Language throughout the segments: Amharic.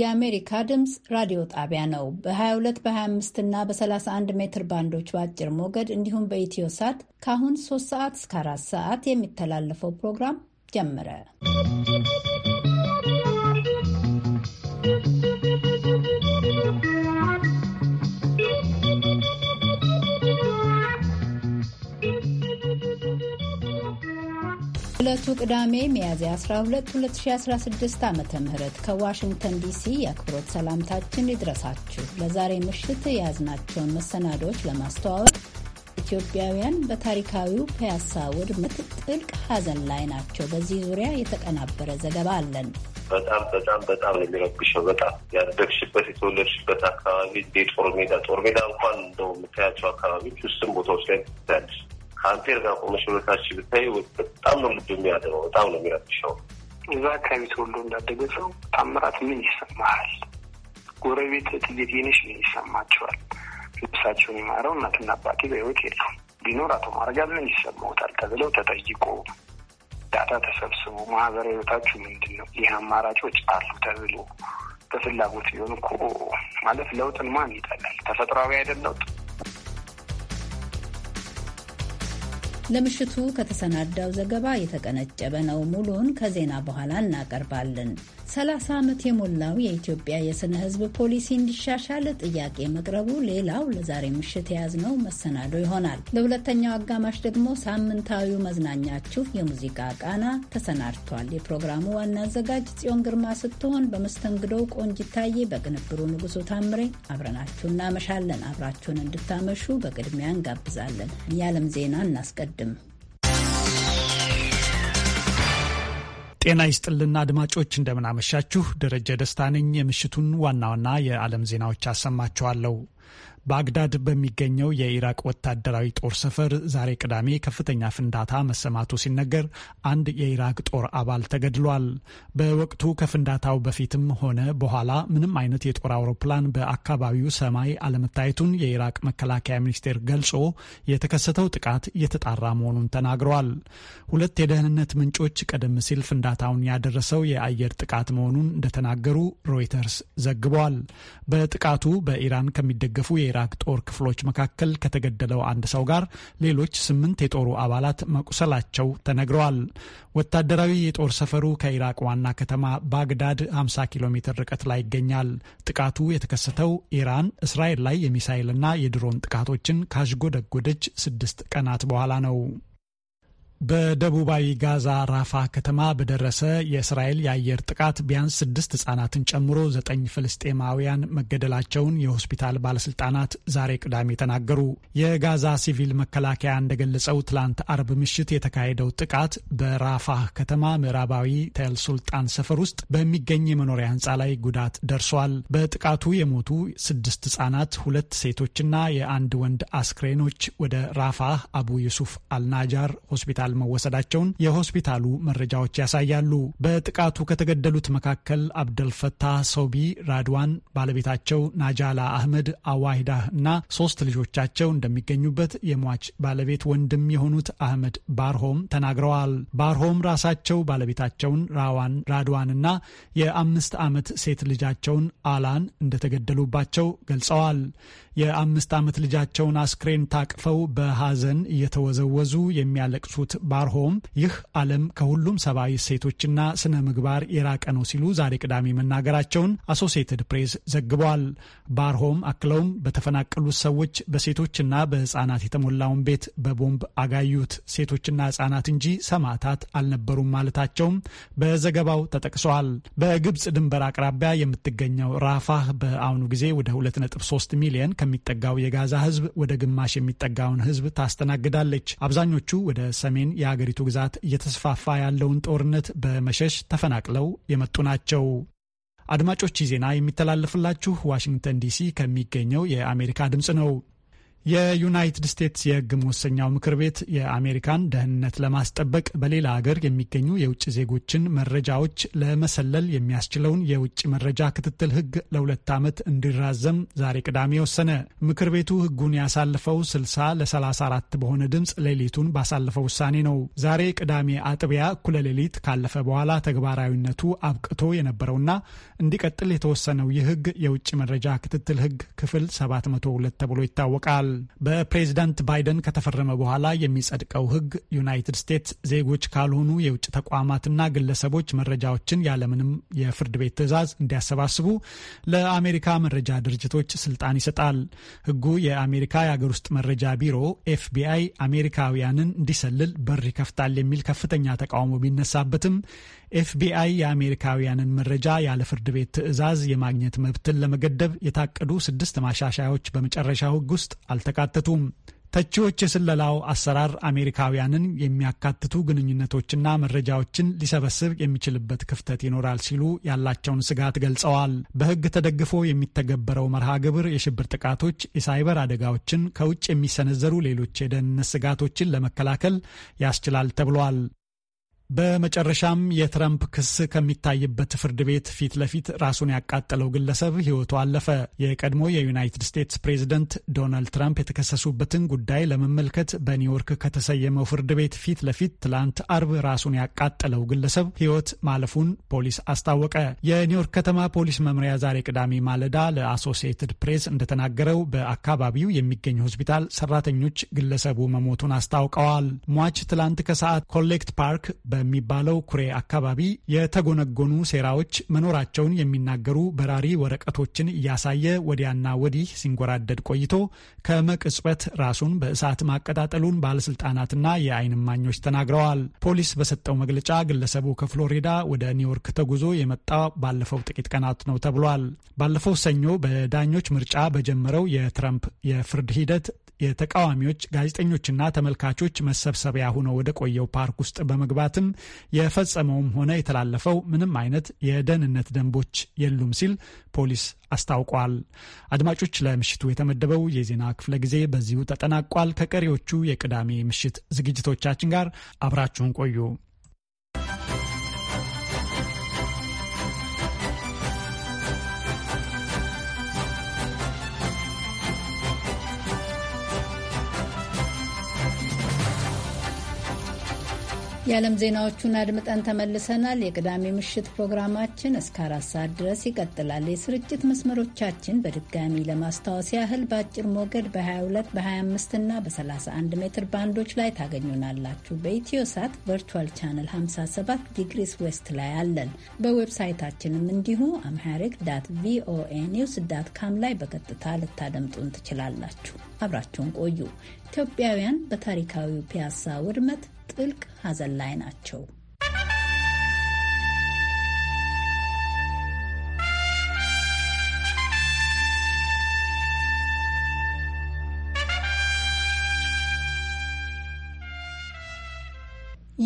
የአሜሪካ ድምፅ ራዲዮ ጣቢያ ነው። በ22 በ25 እና በ31 ሜትር ባንዶች በአጭር ሞገድ እንዲሁም በኢትዮ ሳት ከአሁን 3 ሰዓት እስከ 4 ሰዓት የሚተላለፈው ፕሮግራም ጀመረ። በዕለቱ ቅዳሜ ሚያዝያ 12 2016 ዓ ም ከዋሽንግተን ዲሲ የአክብሮት ሰላምታችን ይድረሳችሁ። ለዛሬ ምሽት የያዝናቸውን መሰናዶዎች ለማስተዋወቅ ኢትዮጵያውያን በታሪካዊው ፒያሳ ውድመት ጥልቅ ሐዘን ላይ ናቸው። በዚህ ዙሪያ የተቀናበረ ዘገባ አለን። በጣም በጣም በጣም ነው የሚረብሸው። በጣም ያደግሽበት የተወለድሽበት አካባቢ ጦር ሜዳ ጦር ሜዳ እንኳን እንደው የምታያቸው አካባቢዎች ውስም ቦታዎች ላይ ትታያለሽ ከአንቴር ጋር ቆመሽ ሁለታች ብታይ በጣም ነው ልብ የሚያደረው በጣም ነው የሚረብሸው። እዛ አካባቢ ተወልዶ እንዳደገ ሰው ታምራት ምን ይሰማሃል? ጎረቤት ትጌት ነሽ ምን ይሰማቸዋል? ልብሳቸውን የማረው እናትና አባቴ በህይወት የለም ቢኖር አቶ ማረጋዝ ምን ይሰማውታል ተብለው ተጠይቆ ዳታ ተሰብስቦ ማህበራዊ ህይወታችሁ ምንድን ነው? ይህ አማራጮች አሉ ተብሎ በፍላጎት ቢሆን እኮ ማለት ለውጥን ማን ይጠላል? ተፈጥሯዊ አይደል ለውጥ ለምሽቱ ከተሰናዳው ዘገባ የተቀነጨበ ነው። ሙሉውን ከዜና በኋላ እናቀርባለን። 30 ዓመት የሞላው የኢትዮጵያ የስነ ሕዝብ ፖሊሲ እንዲሻሻል ጥያቄ መቅረቡ ሌላው ለዛሬ ምሽት የያዝነው መሰናዶ ይሆናል። ለሁለተኛው አጋማሽ ደግሞ ሳምንታዊው መዝናኛችሁ የሙዚቃ ቃና ተሰናድቷል። የፕሮግራሙ ዋና አዘጋጅ ጽዮን ግርማ ስትሆን በመስተንግዶው ታዬ፣ በቅንብሩ ንጉሱ ታምሬ አብረናችሁ እናመሻለን። አብራችሁን እንድታመሹ በቅድሚያ እንጋብዛለን። የዓለም ዜና እናስቀድም። አይወድም። ጤና ይስጥልና አድማጮች፣ እንደምናመሻችሁ። ደረጀ ደስታ ነኝ። የምሽቱን ዋና ዋና የዓለም ዜናዎች አሰማችኋለሁ። ባግዳድ በሚገኘው የኢራቅ ወታደራዊ ጦር ሰፈር ዛሬ ቅዳሜ ከፍተኛ ፍንዳታ መሰማቱ ሲነገር አንድ የኢራቅ ጦር አባል ተገድሏል። በወቅቱ ከፍንዳታው በፊትም ሆነ በኋላ ምንም አይነት የጦር አውሮፕላን በአካባቢው ሰማይ አለመታየቱን የኢራቅ መከላከያ ሚኒስቴር ገልጾ የተከሰተው ጥቃት እየተጣራ መሆኑን ተናግረዋል። ሁለት የደህንነት ምንጮች ቀደም ሲል ፍንዳታውን ያደረሰው የአየር ጥቃት መሆኑን እንደተናገሩ ሮይተርስ ዘግቧል። በጥቃቱ በኢራን ከሚደገፉ የ የኢራቅ ጦር ክፍሎች መካከል ከተገደለው አንድ ሰው ጋር ሌሎች ስምንት የጦሩ አባላት መቁሰላቸው ተነግረዋል። ወታደራዊ የጦር ሰፈሩ ከኢራቅ ዋና ከተማ ባግዳድ 50 ኪሎ ሜትር ርቀት ላይ ይገኛል። ጥቃቱ የተከሰተው ኢራን እስራኤል ላይ የሚሳይልና የድሮን ጥቃቶችን ካሽጎደጎደች ስድስት ቀናት በኋላ ነው። በደቡባዊ ጋዛ ራፋ ከተማ በደረሰ የእስራኤል የአየር ጥቃት ቢያንስ ስድስት ህጻናትን ጨምሮ ዘጠኝ ፍልስጤማውያን መገደላቸውን የሆስፒታል ባለስልጣናት ዛሬ ቅዳሜ ተናገሩ። የጋዛ ሲቪል መከላከያ እንደገለጸው ትላንት አርብ ምሽት የተካሄደው ጥቃት በራፋህ ከተማ ምዕራባዊ ተል ሱልጣን ሰፈር ውስጥ በሚገኝ የመኖሪያ ህንፃ ላይ ጉዳት ደርሷል። በጥቃቱ የሞቱ ስድስት ህጻናት፣ ሁለት ሴቶችና የአንድ ወንድ አስክሬኖች ወደ ራፋህ አቡ ዩሱፍ አልናጃር ሆስፒታል ሆስፒታል መወሰዳቸውን የሆስፒታሉ መረጃዎች ያሳያሉ። በጥቃቱ ከተገደሉት መካከል አብደልፈታህ ሰውቢ ራድዋን፣ ባለቤታቸው ናጃላ አህመድ አዋሂዳህ እና ሶስት ልጆቻቸው እንደሚገኙበት የሟች ባለቤት ወንድም የሆኑት አህመድ ባርሆም ተናግረዋል። ባርሆም ራሳቸው ባለቤታቸውን ራዋን እና የአምስት ዓመት ሴት ልጃቸውን አላን እንደተገደሉባቸው ገልጸዋል። የአምስት ዓመት ልጃቸውን አስክሬን ታቅፈው በሐዘን እየተወዘወዙ የሚያለቅሱት ባርሆም ይህ ዓለም ከሁሉም ሰብአዊ እሴቶችና ስነ ምግባር የራቀ ነው ሲሉ ዛሬ ቅዳሜ መናገራቸውን አሶሴትድ ፕሬስ ዘግቧል። ባርሆም አክለውም በተፈናቀሉት ሰዎች በሴቶችና በህፃናት የተሞላውን ቤት በቦምብ አጋዩት፣ ሴቶችና ህፃናት እንጂ ሰማዕታት አልነበሩም ማለታቸውም በዘገባው ተጠቅሰዋል። በግብፅ ድንበር አቅራቢያ የምትገኘው ራፋህ በአሁኑ ጊዜ ወደ 2.3 ሚሊየን ከሚጠጋው የጋዛ ህዝብ ወደ ግማሽ የሚጠጋውን ህዝብ ታስተናግዳለች። አብዛኞቹ ወደ ሰሜን የአገሪቱ ግዛት እየተስፋፋ ያለውን ጦርነት በመሸሽ ተፈናቅለው የመጡ ናቸው። አድማጮች፣ ዜና የሚተላለፍላችሁ ዋሽንግተን ዲሲ ከሚገኘው የአሜሪካ ድምፅ ነው። የዩናይትድ ስቴትስ የህግ መወሰኛው ምክር ቤት የአሜሪካን ደህንነት ለማስጠበቅ በሌላ ሀገር የሚገኙ የውጭ ዜጎችን መረጃዎች ለመሰለል የሚያስችለውን የውጭ መረጃ ክትትል ህግ ለሁለት ዓመት እንዲራዘም ዛሬ ቅዳሜ ወሰነ። ምክር ቤቱ ህጉን ያሳለፈው 60 ለ34 በሆነ ድምፅ ሌሊቱን ባሳለፈው ውሳኔ ነው። ዛሬ ቅዳሜ አጥቢያ እኩለ ሌሊት ካለፈ በኋላ ተግባራዊነቱ አብቅቶ የነበረውና እንዲቀጥል የተወሰነው ይህ ህግ የውጭ መረጃ ክትትል ህግ ክፍል 702 ተብሎ ይታወቃል። በፕሬዚዳንት ባይደን ከተፈረመ በኋላ የሚጸድቀው ህግ ዩናይትድ ስቴትስ ዜጎች ካልሆኑ የውጭ ተቋማትና ግለሰቦች መረጃዎችን ያለምንም የፍርድ ቤት ትዕዛዝ እንዲያሰባስቡ ለአሜሪካ መረጃ ድርጅቶች ስልጣን ይሰጣል። ህጉ የአሜሪካ የአገር ውስጥ መረጃ ቢሮ ኤፍቢአይ አሜሪካውያንን እንዲሰልል በር ይከፍታል የሚል ከፍተኛ ተቃውሞ ቢነሳበትም ኤፍቢአይ የአሜሪካውያንን መረጃ ያለ ፍርድ ቤት ትዕዛዝ የማግኘት መብትን ለመገደብ የታቀዱ ስድስት ማሻሻያዎች በመጨረሻው ህግ ውስጥ አልተካተቱም። ተቺዎች የስለላው አሰራር አሜሪካውያንን የሚያካትቱ ግንኙነቶችና መረጃዎችን ሊሰበስብ የሚችልበት ክፍተት ይኖራል ሲሉ ያላቸውን ስጋት ገልጸዋል። በሕግ ተደግፎ የሚተገበረው መርሃ ግብር የሽብር ጥቃቶች፣ የሳይበር አደጋዎችን፣ ከውጭ የሚሰነዘሩ ሌሎች የደህንነት ስጋቶችን ለመከላከል ያስችላል ተብሏል። በመጨረሻም የትረምፕ ክስ ከሚታይበት ፍርድ ቤት ፊት ለፊት ራሱን ያቃጠለው ግለሰብ ሕይወቱ አለፈ። የቀድሞ የዩናይትድ ስቴትስ ፕሬዝደንት ዶናልድ ትራምፕ የተከሰሱበትን ጉዳይ ለመመልከት በኒውዮርክ ከተሰየመው ፍርድ ቤት ፊት ለፊት ትላንት አርብ ራሱን ያቃጠለው ግለሰብ ሕይወት ማለፉን ፖሊስ አስታወቀ። የኒውዮርክ ከተማ ፖሊስ መምሪያ ዛሬ ቅዳሜ ማለዳ ለአሶሲየትድ ፕሬስ እንደተናገረው በአካባቢው የሚገኝ ሆስፒታል ሰራተኞች ግለሰቡ መሞቱን አስታውቀዋል። ሟች ትላንት ከሰዓት ኮሌክት ፓርክ በ በሚባለው ኩሬ አካባቢ የተጎነጎኑ ሴራዎች መኖራቸውን የሚናገሩ በራሪ ወረቀቶችን እያሳየ ወዲያና ወዲህ ሲንጎራደድ ቆይቶ ከመቅጽበት ራሱን በእሳት ማቀጣጠሉን ባለስልጣናትና የዓይን እማኞች ተናግረዋል። ፖሊስ በሰጠው መግለጫ ግለሰቡ ከፍሎሪዳ ወደ ኒውዮርክ ተጉዞ የመጣ ባለፈው ጥቂት ቀናት ነው ተብሏል። ባለፈው ሰኞ በዳኞች ምርጫ በጀመረው የትራምፕ የፍርድ ሂደት የተቃዋሚዎች ጋዜጠኞችና ተመልካቾች መሰብሰቢያ ሆኖ ወደ ቆየው ፓርክ ውስጥ በመግባትም የፈጸመውም ሆነ የተላለፈው ምንም አይነት የደህንነት ደንቦች የሉም ሲል ፖሊስ አስታውቋል። አድማጮች፣ ለምሽቱ የተመደበው የዜና ክፍለ ጊዜ በዚሁ ተጠናቋል። ከቀሪዎቹ የቅዳሜ ምሽት ዝግጅቶቻችን ጋር አብራችሁን ቆዩ። የዓለም ዜናዎቹን አድምጠን ተመልሰናል። የቅዳሜ ምሽት ፕሮግራማችን እስከ አራት ሰዓት ድረስ ይቀጥላል። የስርጭት መስመሮቻችን በድጋሚ ለማስታወስ ያህል በአጭር ሞገድ በ22 በ25 እና በ31 ሜትር ባንዶች ላይ ታገኙናላችሁ። በኢትዮ ሳት ቨርቹዋል ቻነል 57 ዲግሪስ ዌስት ላይ አለን። በዌብሳይታችንም እንዲሁ አምሐሪክ ዳት ቪኦኤ ኒውስ ዳት ካም ላይ በቀጥታ ልታደምጡን ትችላላችሁ። አብራችሁን ቆዩ። ኢትዮጵያውያን በታሪካዊው ፒያሳ ውድመት ጥልቅ ሐዘን ላይ ናቸው።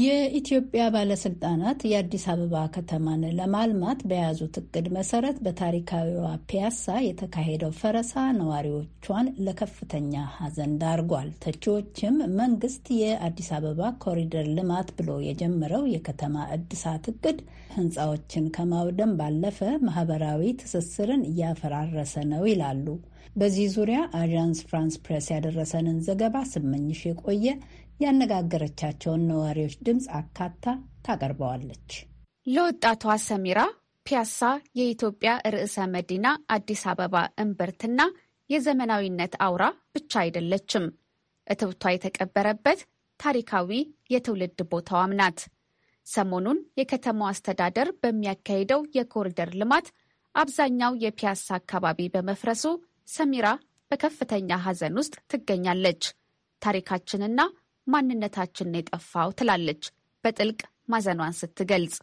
የኢትዮጵያ ባለስልጣናት የአዲስ አበባ ከተማን ለማልማት በያዙት እቅድ መሰረት በታሪካዊዋ ፒያሳ የተካሄደው ፈረሳ ነዋሪዎቿን ለከፍተኛ ሐዘን ዳርጓል። ተቺዎችም መንግስት የአዲስ አበባ ኮሪደር ልማት ብሎ የጀመረው የከተማ እድሳት እቅድ ህንፃዎችን ከማውደም ባለፈ ማህበራዊ ትስስርን እያፈራረሰ ነው ይላሉ። በዚህ ዙሪያ አዣንስ ፍራንስ ፕሬስ ያደረሰንን ዘገባ ስመኝሽ የቆየ ያነጋገረቻቸውን ነዋሪዎች ድምፅ አካታ ታቀርበዋለች። ለወጣቷ ሰሚራ ፒያሳ የኢትዮጵያ ርዕሰ መዲና አዲስ አበባ እምብርትና የዘመናዊነት አውራ ብቻ አይደለችም። እትብቷ የተቀበረበት ታሪካዊ የትውልድ ቦታዋም ናት። ሰሞኑን የከተማው አስተዳደር በሚያካሂደው የኮሪደር ልማት አብዛኛው የፒያሳ አካባቢ በመፍረሱ ሰሚራ በከፍተኛ ሐዘን ውስጥ ትገኛለች። ታሪካችንና ማንነታችንን የጠፋው ትላለች በጥልቅ ማዘኗን ስትገልጽ።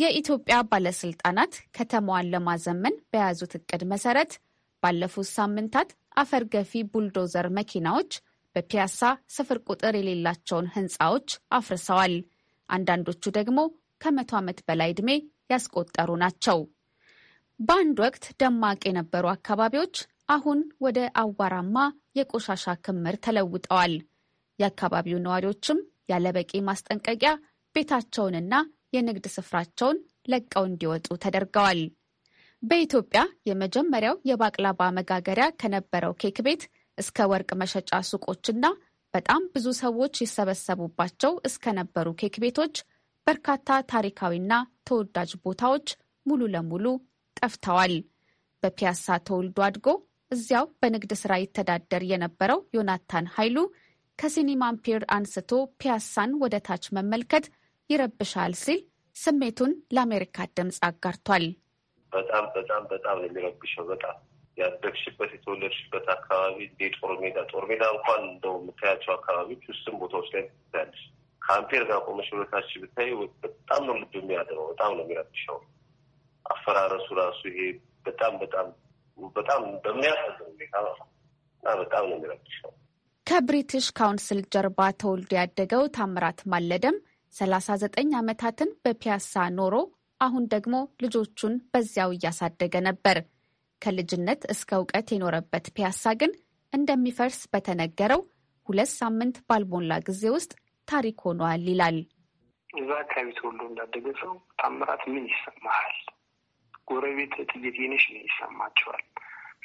የኢትዮጵያ ባለስልጣናት ከተማዋን ለማዘመን በያዙት እቅድ መሰረት ባለፉት ሳምንታት አፈር ገፊ ቡልዶዘር መኪናዎች በፒያሳ ስፍር ቁጥር የሌላቸውን ህንፃዎች አፍርሰዋል። አንዳንዶቹ ደግሞ ከመቶ ዓመት በላይ ዕድሜ ያስቆጠሩ ናቸው። በአንድ ወቅት ደማቅ የነበሩ አካባቢዎች አሁን ወደ አዋራማ የቆሻሻ ክምር ተለውጠዋል። የአካባቢው ነዋሪዎችም ያለበቂ ማስጠንቀቂያ ቤታቸውንና የንግድ ስፍራቸውን ለቀው እንዲወጡ ተደርገዋል። በኢትዮጵያ የመጀመሪያው የባቅላባ መጋገሪያ ከነበረው ኬክ ቤት እስከ ወርቅ መሸጫ ሱቆችና በጣም ብዙ ሰዎች ይሰበሰቡባቸው እስከነበሩ ኬክ ቤቶች በርካታ ታሪካዊና ተወዳጅ ቦታዎች ሙሉ ለሙሉ ጠፍተዋል። በፒያሳ ተወልዶ አድጎ እዚያው በንግድ ስራ ይተዳደር የነበረው ዮናታን ኃይሉ ከሲኒማምፒር አንስቶ ፒያሳን ወደ ታች መመልከት ይረብሻል ሲል ስሜቱን ለአሜሪካ ድምፅ አጋርቷል። በጣም በጣም በጣም ነው የሚረብሸው። በጣም ያደግሽበት የተወለድሽበት አካባቢ እንደ ጦር ሜዳ ጦር ሜዳ እንኳን እንደው የምታያቸው አካባቢዎች ውስን ቦታዎች ላይ ትታያለሽ። ከአምፔር ጋር ቆመሽ በታች ብታይ በጣም ነው ልብ የሚያደረው። በጣም ነው የሚረብሸው። አፈራረሱ ራሱ ይሄ በጣም በጣም በጣም በሚያሳዝን ሁኔታ ነው እና በጣም ነው የሚረብሸው። ከብሪቲሽ ካውንስል ጀርባ ተወልዶ ያደገው ታምራት ማለደም 39 ዓመታትን በፒያሳ ኖሮ አሁን ደግሞ ልጆቹን በዚያው እያሳደገ ነበር። ከልጅነት እስከ እውቀት የኖረበት ፒያሳ ግን እንደሚፈርስ በተነገረው ሁለት ሳምንት ባልሞላ ጊዜ ውስጥ ታሪክ ሆኗል ይላል። እዛ አካባቢ ተወልዶ እንዳደገ ሰው ታምራት ምን ይሰማሃል? ጎረቤት እትዬ ምን ይሰማቸዋል?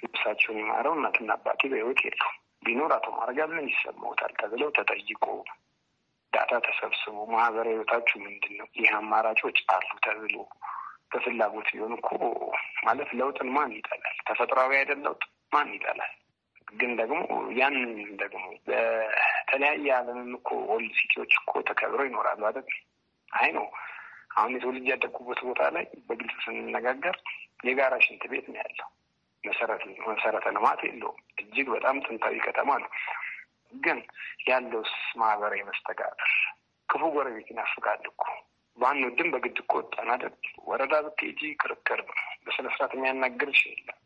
ልብሳቸውን የማረው እናትና አባቴ በህይወት የሉም። ቢኖር አቶ ማረጋ ምን ይሰማውታል ተብለው ተጠይቆ ዳታ ተሰብስቦ ማህበራዊ ህይወታችሁ ምንድን ነው? ይህ አማራጮች አሉ ተብሎ በፍላጎት ቢሆን እኮ ማለት ለውጥን ማን ይጠላል? ተፈጥሯዊ አይደል ለውጥ ማን ይጠላል? ግን ደግሞ ያንን ደግሞ በተለያየ ዓለምም እኮ ወልድ ሲቲዎች እኮ ተከብሮ ይኖራሉ አይደል? አይ ነው አሁን የተወልጅ ያደጉበት ቦታ ላይ በግልጽ ስንነጋገር የጋራ ሽንት ቤት ነው ያለው። መሰረተ ልማት የለውም። እጅግ በጣም ጥንታዊ ከተማ ነው። ግን ያለውስ ማህበራዊ መስተጋብር ክፉ ጎረቤት ይናፍቃል እኮ ባንወድም በግድ እኮ ወጣን አይደል? ወረዳ ብትሄጂ ክርክር ነው። በስነ ስርዓት የሚያናግርሽ የለም።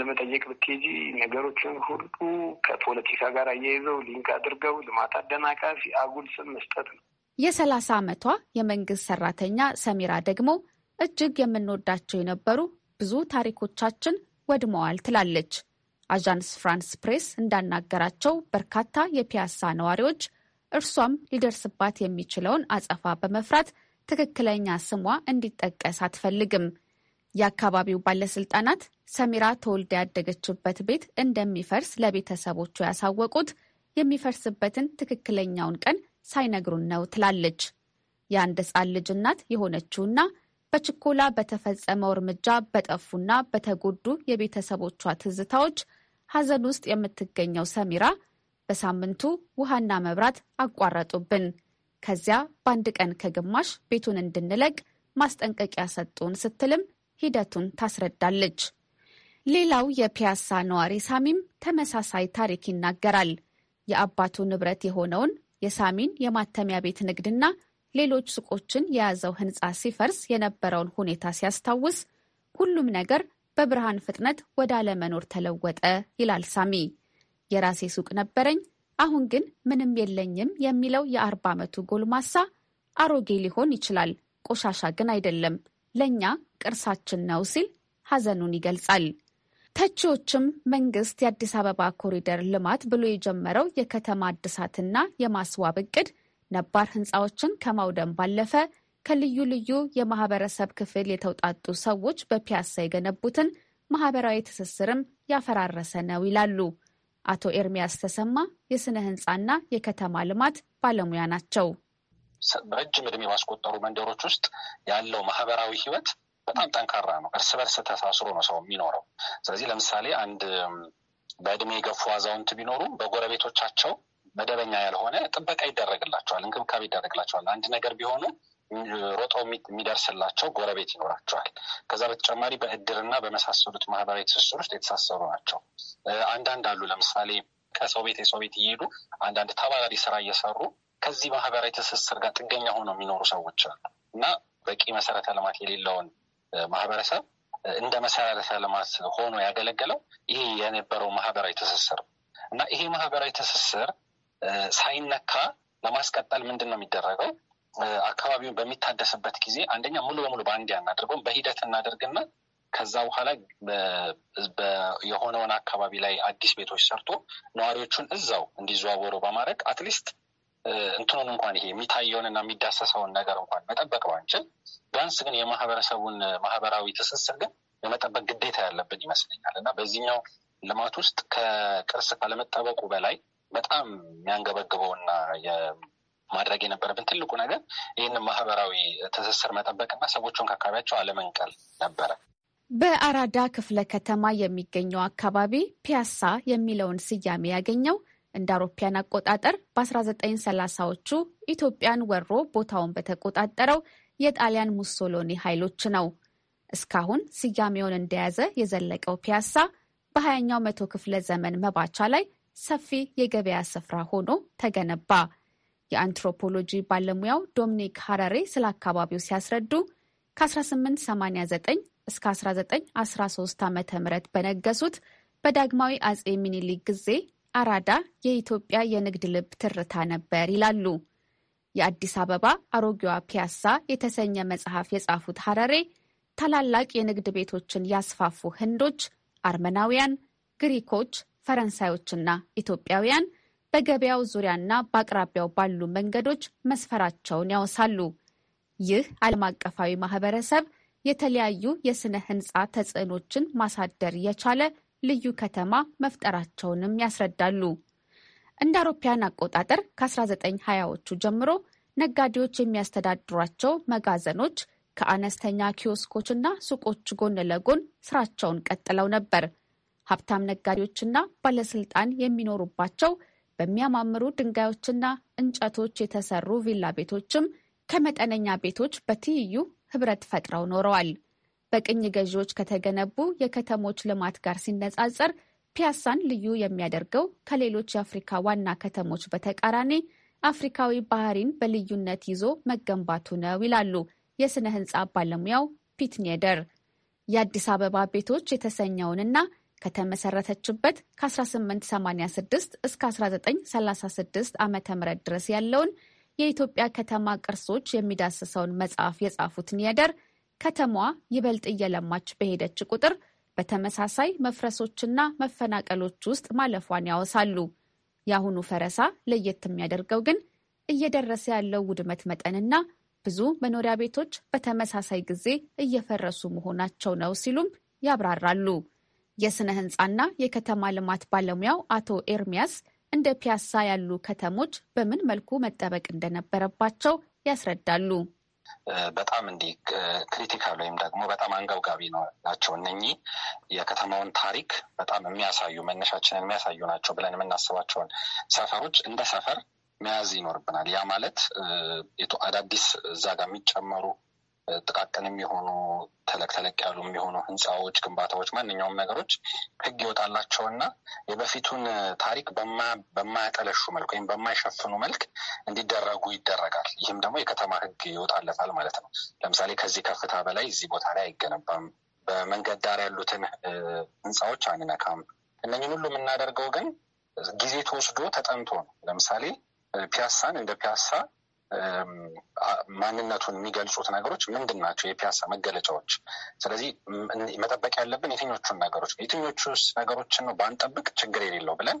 ለመጠየቅ ብትሄጂ ነገሮችን ሁሉ ከፖለቲካ ጋር አያይዘው ሊንክ አድርገው ልማት አደናቃፊ አጉል ስም መስጠት ነው። የሰላሳ ዓመቷ የመንግስት ሰራተኛ ሰሚራ ደግሞ እጅግ የምንወዳቸው የነበሩ ብዙ ታሪኮቻችን ወድመዋል ትላለች። አዣንስ ፍራንስ ፕሬስ እንዳናገራቸው በርካታ የፒያሳ ነዋሪዎች እርሷም ሊደርስባት የሚችለውን አጸፋ በመፍራት ትክክለኛ ስሟ እንዲጠቀስ አትፈልግም። የአካባቢው ባለስልጣናት ሰሚራ ተወልዳ ያደገችበት ቤት እንደሚፈርስ ለቤተሰቦቹ ያሳወቁት የሚፈርስበትን ትክክለኛውን ቀን ሳይነግሩን ነው ትላለች። የአንድ ሕፃን ልጅ እናት የሆነችውና በችኮላ በተፈጸመው እርምጃ በጠፉና በተጎዱ የቤተሰቦቿ ትዝታዎች ሐዘን ውስጥ የምትገኘው ሰሚራ በሳምንቱ ውሃና መብራት አቋረጡብን። ከዚያ በአንድ ቀን ከግማሽ ቤቱን እንድንለቅ ማስጠንቀቂያ ሰጡን ስትልም ሂደቱን ታስረዳለች። ሌላው የፒያሳ ነዋሪ ሳሚም ተመሳሳይ ታሪክ ይናገራል። የአባቱ ንብረት የሆነውን የሳሚን የማተሚያ ቤት ንግድና ሌሎች ሱቆችን የያዘው ህንፃ ሲፈርስ የነበረውን ሁኔታ ሲያስታውስ ሁሉም ነገር በብርሃን ፍጥነት ወደ አለመኖር ተለወጠ ይላል ሳሚ። የራሴ ሱቅ ነበረኝ፣ አሁን ግን ምንም የለኝም የሚለው የአርባ ዓመቱ ጎልማሳ አሮጌ ሊሆን ይችላል፣ ቆሻሻ ግን አይደለም፣ ለእኛ ቅርሳችን ነው ሲል ሐዘኑን ይገልጻል። ተቺዎችም መንግስት የአዲስ አበባ ኮሪደር ልማት ብሎ የጀመረው የከተማ እድሳትና የማስዋብ እቅድ ነባር ህንፃዎችን ከማውደም ባለፈ ከልዩ ልዩ የማህበረሰብ ክፍል የተውጣጡ ሰዎች በፒያሳ የገነቡትን ማህበራዊ ትስስርም ያፈራረሰ ነው ይላሉ። አቶ ኤርሚያስ ተሰማ የስነ ህንፃና የከተማ ልማት ባለሙያ ናቸው። ረጅም እድሜ ባስቆጠሩ መንደሮች ውስጥ ያለው ማህበራዊ ህይወት በጣም ጠንካራ ነው። እርስ በርስ ተሳስሮ ነው ሰው የሚኖረው። ስለዚህ ለምሳሌ አንድ በእድሜ የገፉ አዛውንት ቢኖሩ በጎረቤቶቻቸው መደበኛ ያልሆነ ጥበቃ ይደረግላቸዋል፣ እንክብካቤ ይደረግላቸዋል። አንድ ነገር ቢሆኑ ሮጦ የሚደርስላቸው ጎረቤት ይኖራቸዋል። ከዛ በተጨማሪ በእድርና በመሳሰሉት ማህበራዊ ትስስር ውስጥ የተሳሰሩ ናቸው። አንዳንድ አሉ ለምሳሌ ከሰው ቤት የሰው ቤት እየሄዱ አንዳንድ ተባራሪ ስራ እየሰሩ ከዚህ ማህበራዊ ትስስር ጋር ጥገኛ ሆነው የሚኖሩ ሰዎች አሉ እና በቂ መሰረተ ልማት የሌለውን ማህበረሰብ እንደ መሰረተ ልማት ሆኖ ያገለገለው ይሄ የነበረው ማህበራዊ ትስስር እና ይሄ ማህበራዊ ትስስር ሳይነካ ለማስቀጠል ምንድን ነው የሚደረገው? አካባቢውን በሚታደስበት ጊዜ አንደኛ ሙሉ በሙሉ በአንድ አናደርገውም፣ በሂደት እናደርግና ከዛ በኋላ የሆነውን አካባቢ ላይ አዲስ ቤቶች ሰርቶ ነዋሪዎቹን እዛው እንዲዘዋወሩ በማድረግ አትሊስት እንትኑን እንኳን ይሄ የሚታየውንና የሚዳሰሰውን ነገር እንኳን መጠበቅ ባንችል፣ ቢያንስ ግን የማህበረሰቡን ማህበራዊ ትስስር ግን የመጠበቅ ግዴታ ያለብን ይመስለኛል እና በዚህኛው ልማት ውስጥ ከቅርስ ካለመጠበቁ በላይ በጣም የሚያንገበግበውና ማድረግ የነበረብን ትልቁ ነገር ይህንን ማህበራዊ ትስስር መጠበቅና ሰዎቹን ከአካባቢያቸው አለመንቀል ነበረ። በአራዳ ክፍለ ከተማ የሚገኘው አካባቢ ፒያሳ የሚለውን ስያሜ ያገኘው እንደ አውሮፓያን አቆጣጠር በ1930ዎቹ ኢትዮጵያን ወሮ ቦታውን በተቆጣጠረው የጣሊያን ሙሶሎኒ ኃይሎች ነው። እስካሁን ስያሜውን እንደያዘ የዘለቀው ፒያሳ በ2ኛው መቶ ክፍለ ዘመን መባቻ ላይ ሰፊ የገበያ ስፍራ ሆኖ ተገነባ። የአንትሮፖሎጂ ባለሙያው ዶሚኒክ ሀራሬ ስለ አካባቢው ሲያስረዱ ከ1889 እስከ 1913 ዓ ም በነገሱት በዳግማዊ አጼ ሚኒሊክ ጊዜ አራዳ የኢትዮጵያ የንግድ ልብ ትርታ ነበር ይላሉ። የአዲስ አበባ አሮጌዋ ፒያሳ የተሰኘ መጽሐፍ የጻፉት ሀራሬ ታላላቅ የንግድ ቤቶችን ያስፋፉ ህንዶች፣ አርመናውያን፣ ግሪኮች፣ ፈረንሳዮችና ኢትዮጵያውያን በገበያው ዙሪያና በአቅራቢያው ባሉ መንገዶች መስፈራቸውን ያወሳሉ። ይህ ዓለም አቀፋዊ ማህበረሰብ የተለያዩ የስነ ህንፃ ተጽዕኖችን ማሳደር የቻለ ልዩ ከተማ መፍጠራቸውንም ያስረዳሉ። እንደ አውሮፓያን አቆጣጠር ከ1920ዎቹ ጀምሮ ነጋዴዎች የሚያስተዳድሯቸው መጋዘኖች ከአነስተኛ ኪዮስኮችና ሱቆች ጎን ለጎን ስራቸውን ቀጥለው ነበር። ሀብታም ነጋዴዎችና ባለስልጣን የሚኖሩባቸው በሚያማምሩ ድንጋዮችና እንጨቶች የተሰሩ ቪላ ቤቶችም ከመጠነኛ ቤቶች በትይዩ ህብረት ፈጥረው ኖረዋል። በቅኝ ገዢዎች ከተገነቡ የከተሞች ልማት ጋር ሲነጻጸር ፒያሳን ልዩ የሚያደርገው ከሌሎች የአፍሪካ ዋና ከተሞች በተቃራኒ አፍሪካዊ ባህሪን በልዩነት ይዞ መገንባቱ ነው ይላሉ የሥነ ሕንፃ ባለሙያው ፒትኔደር። የአዲስ አበባ ቤቶች የተሰኘውንና ከተመሰረተችበት ከ1886 እስከ 1936 ዓ ም ድረስ ያለውን የኢትዮጵያ ከተማ ቅርሶች የሚዳስሰውን መጽሐፍ የጻፉት ኒያደር ከተማዋ ይበልጥ እየለማች በሄደች ቁጥር በተመሳሳይ መፍረሶችና መፈናቀሎች ውስጥ ማለፏን ያወሳሉ። የአሁኑ ፈረሳ ለየት የሚያደርገው ግን እየደረሰ ያለው ውድመት መጠንና ብዙ መኖሪያ ቤቶች በተመሳሳይ ጊዜ እየፈረሱ መሆናቸው ነው ሲሉም ያብራራሉ። የስነ ህንፃና የከተማ ልማት ባለሙያው አቶ ኤርሚያስ እንደ ፒያሳ ያሉ ከተሞች በምን መልኩ መጠበቅ እንደነበረባቸው ያስረዳሉ። በጣም እንዲህ ክሪቲካል ወይም ደግሞ በጣም አንገብጋቢ ናቸው። እነኚህ የከተማውን ታሪክ በጣም የሚያሳዩ መነሻችንን የሚያሳዩ ናቸው ብለን የምናስባቸውን ሰፈሮች እንደ ሰፈር መያዝ ይኖርብናል። ያ ማለት አዳዲስ እዛ ጋር የሚጨመሩ ጥቃቅን የሚሆኑ ተለቅ ተለቅ ያሉ የሚሆኑ ህንፃዎች፣ ግንባታዎች፣ ማንኛውም ነገሮች ህግ ይወጣላቸውና የበፊቱን ታሪክ በማያጠለሹ መልክ ወይም በማይሸፍኑ መልክ እንዲደረጉ ይደረጋል። ይህም ደግሞ የከተማ ህግ ይወጣለታል ማለት ነው። ለምሳሌ ከዚህ ከፍታ በላይ እዚህ ቦታ ላይ አይገነባም፣ በመንገድ ዳር ያሉትን ህንፃዎች አንነካም። እነኝን ሁሉ የምናደርገው ግን ጊዜ ተወስዶ ተጠንቶ ነው። ለምሳሌ ፒያሳን እንደ ፒያሳ ማንነቱን የሚገልጹት ነገሮች ምንድን ናቸው? የፒያሳ መገለጫዎች። ስለዚህ መጠበቅ ያለብን የትኞቹን ነገሮች የትኞቹ ነገሮችን ነው ባንጠብቅ ችግር የሌለው ብለን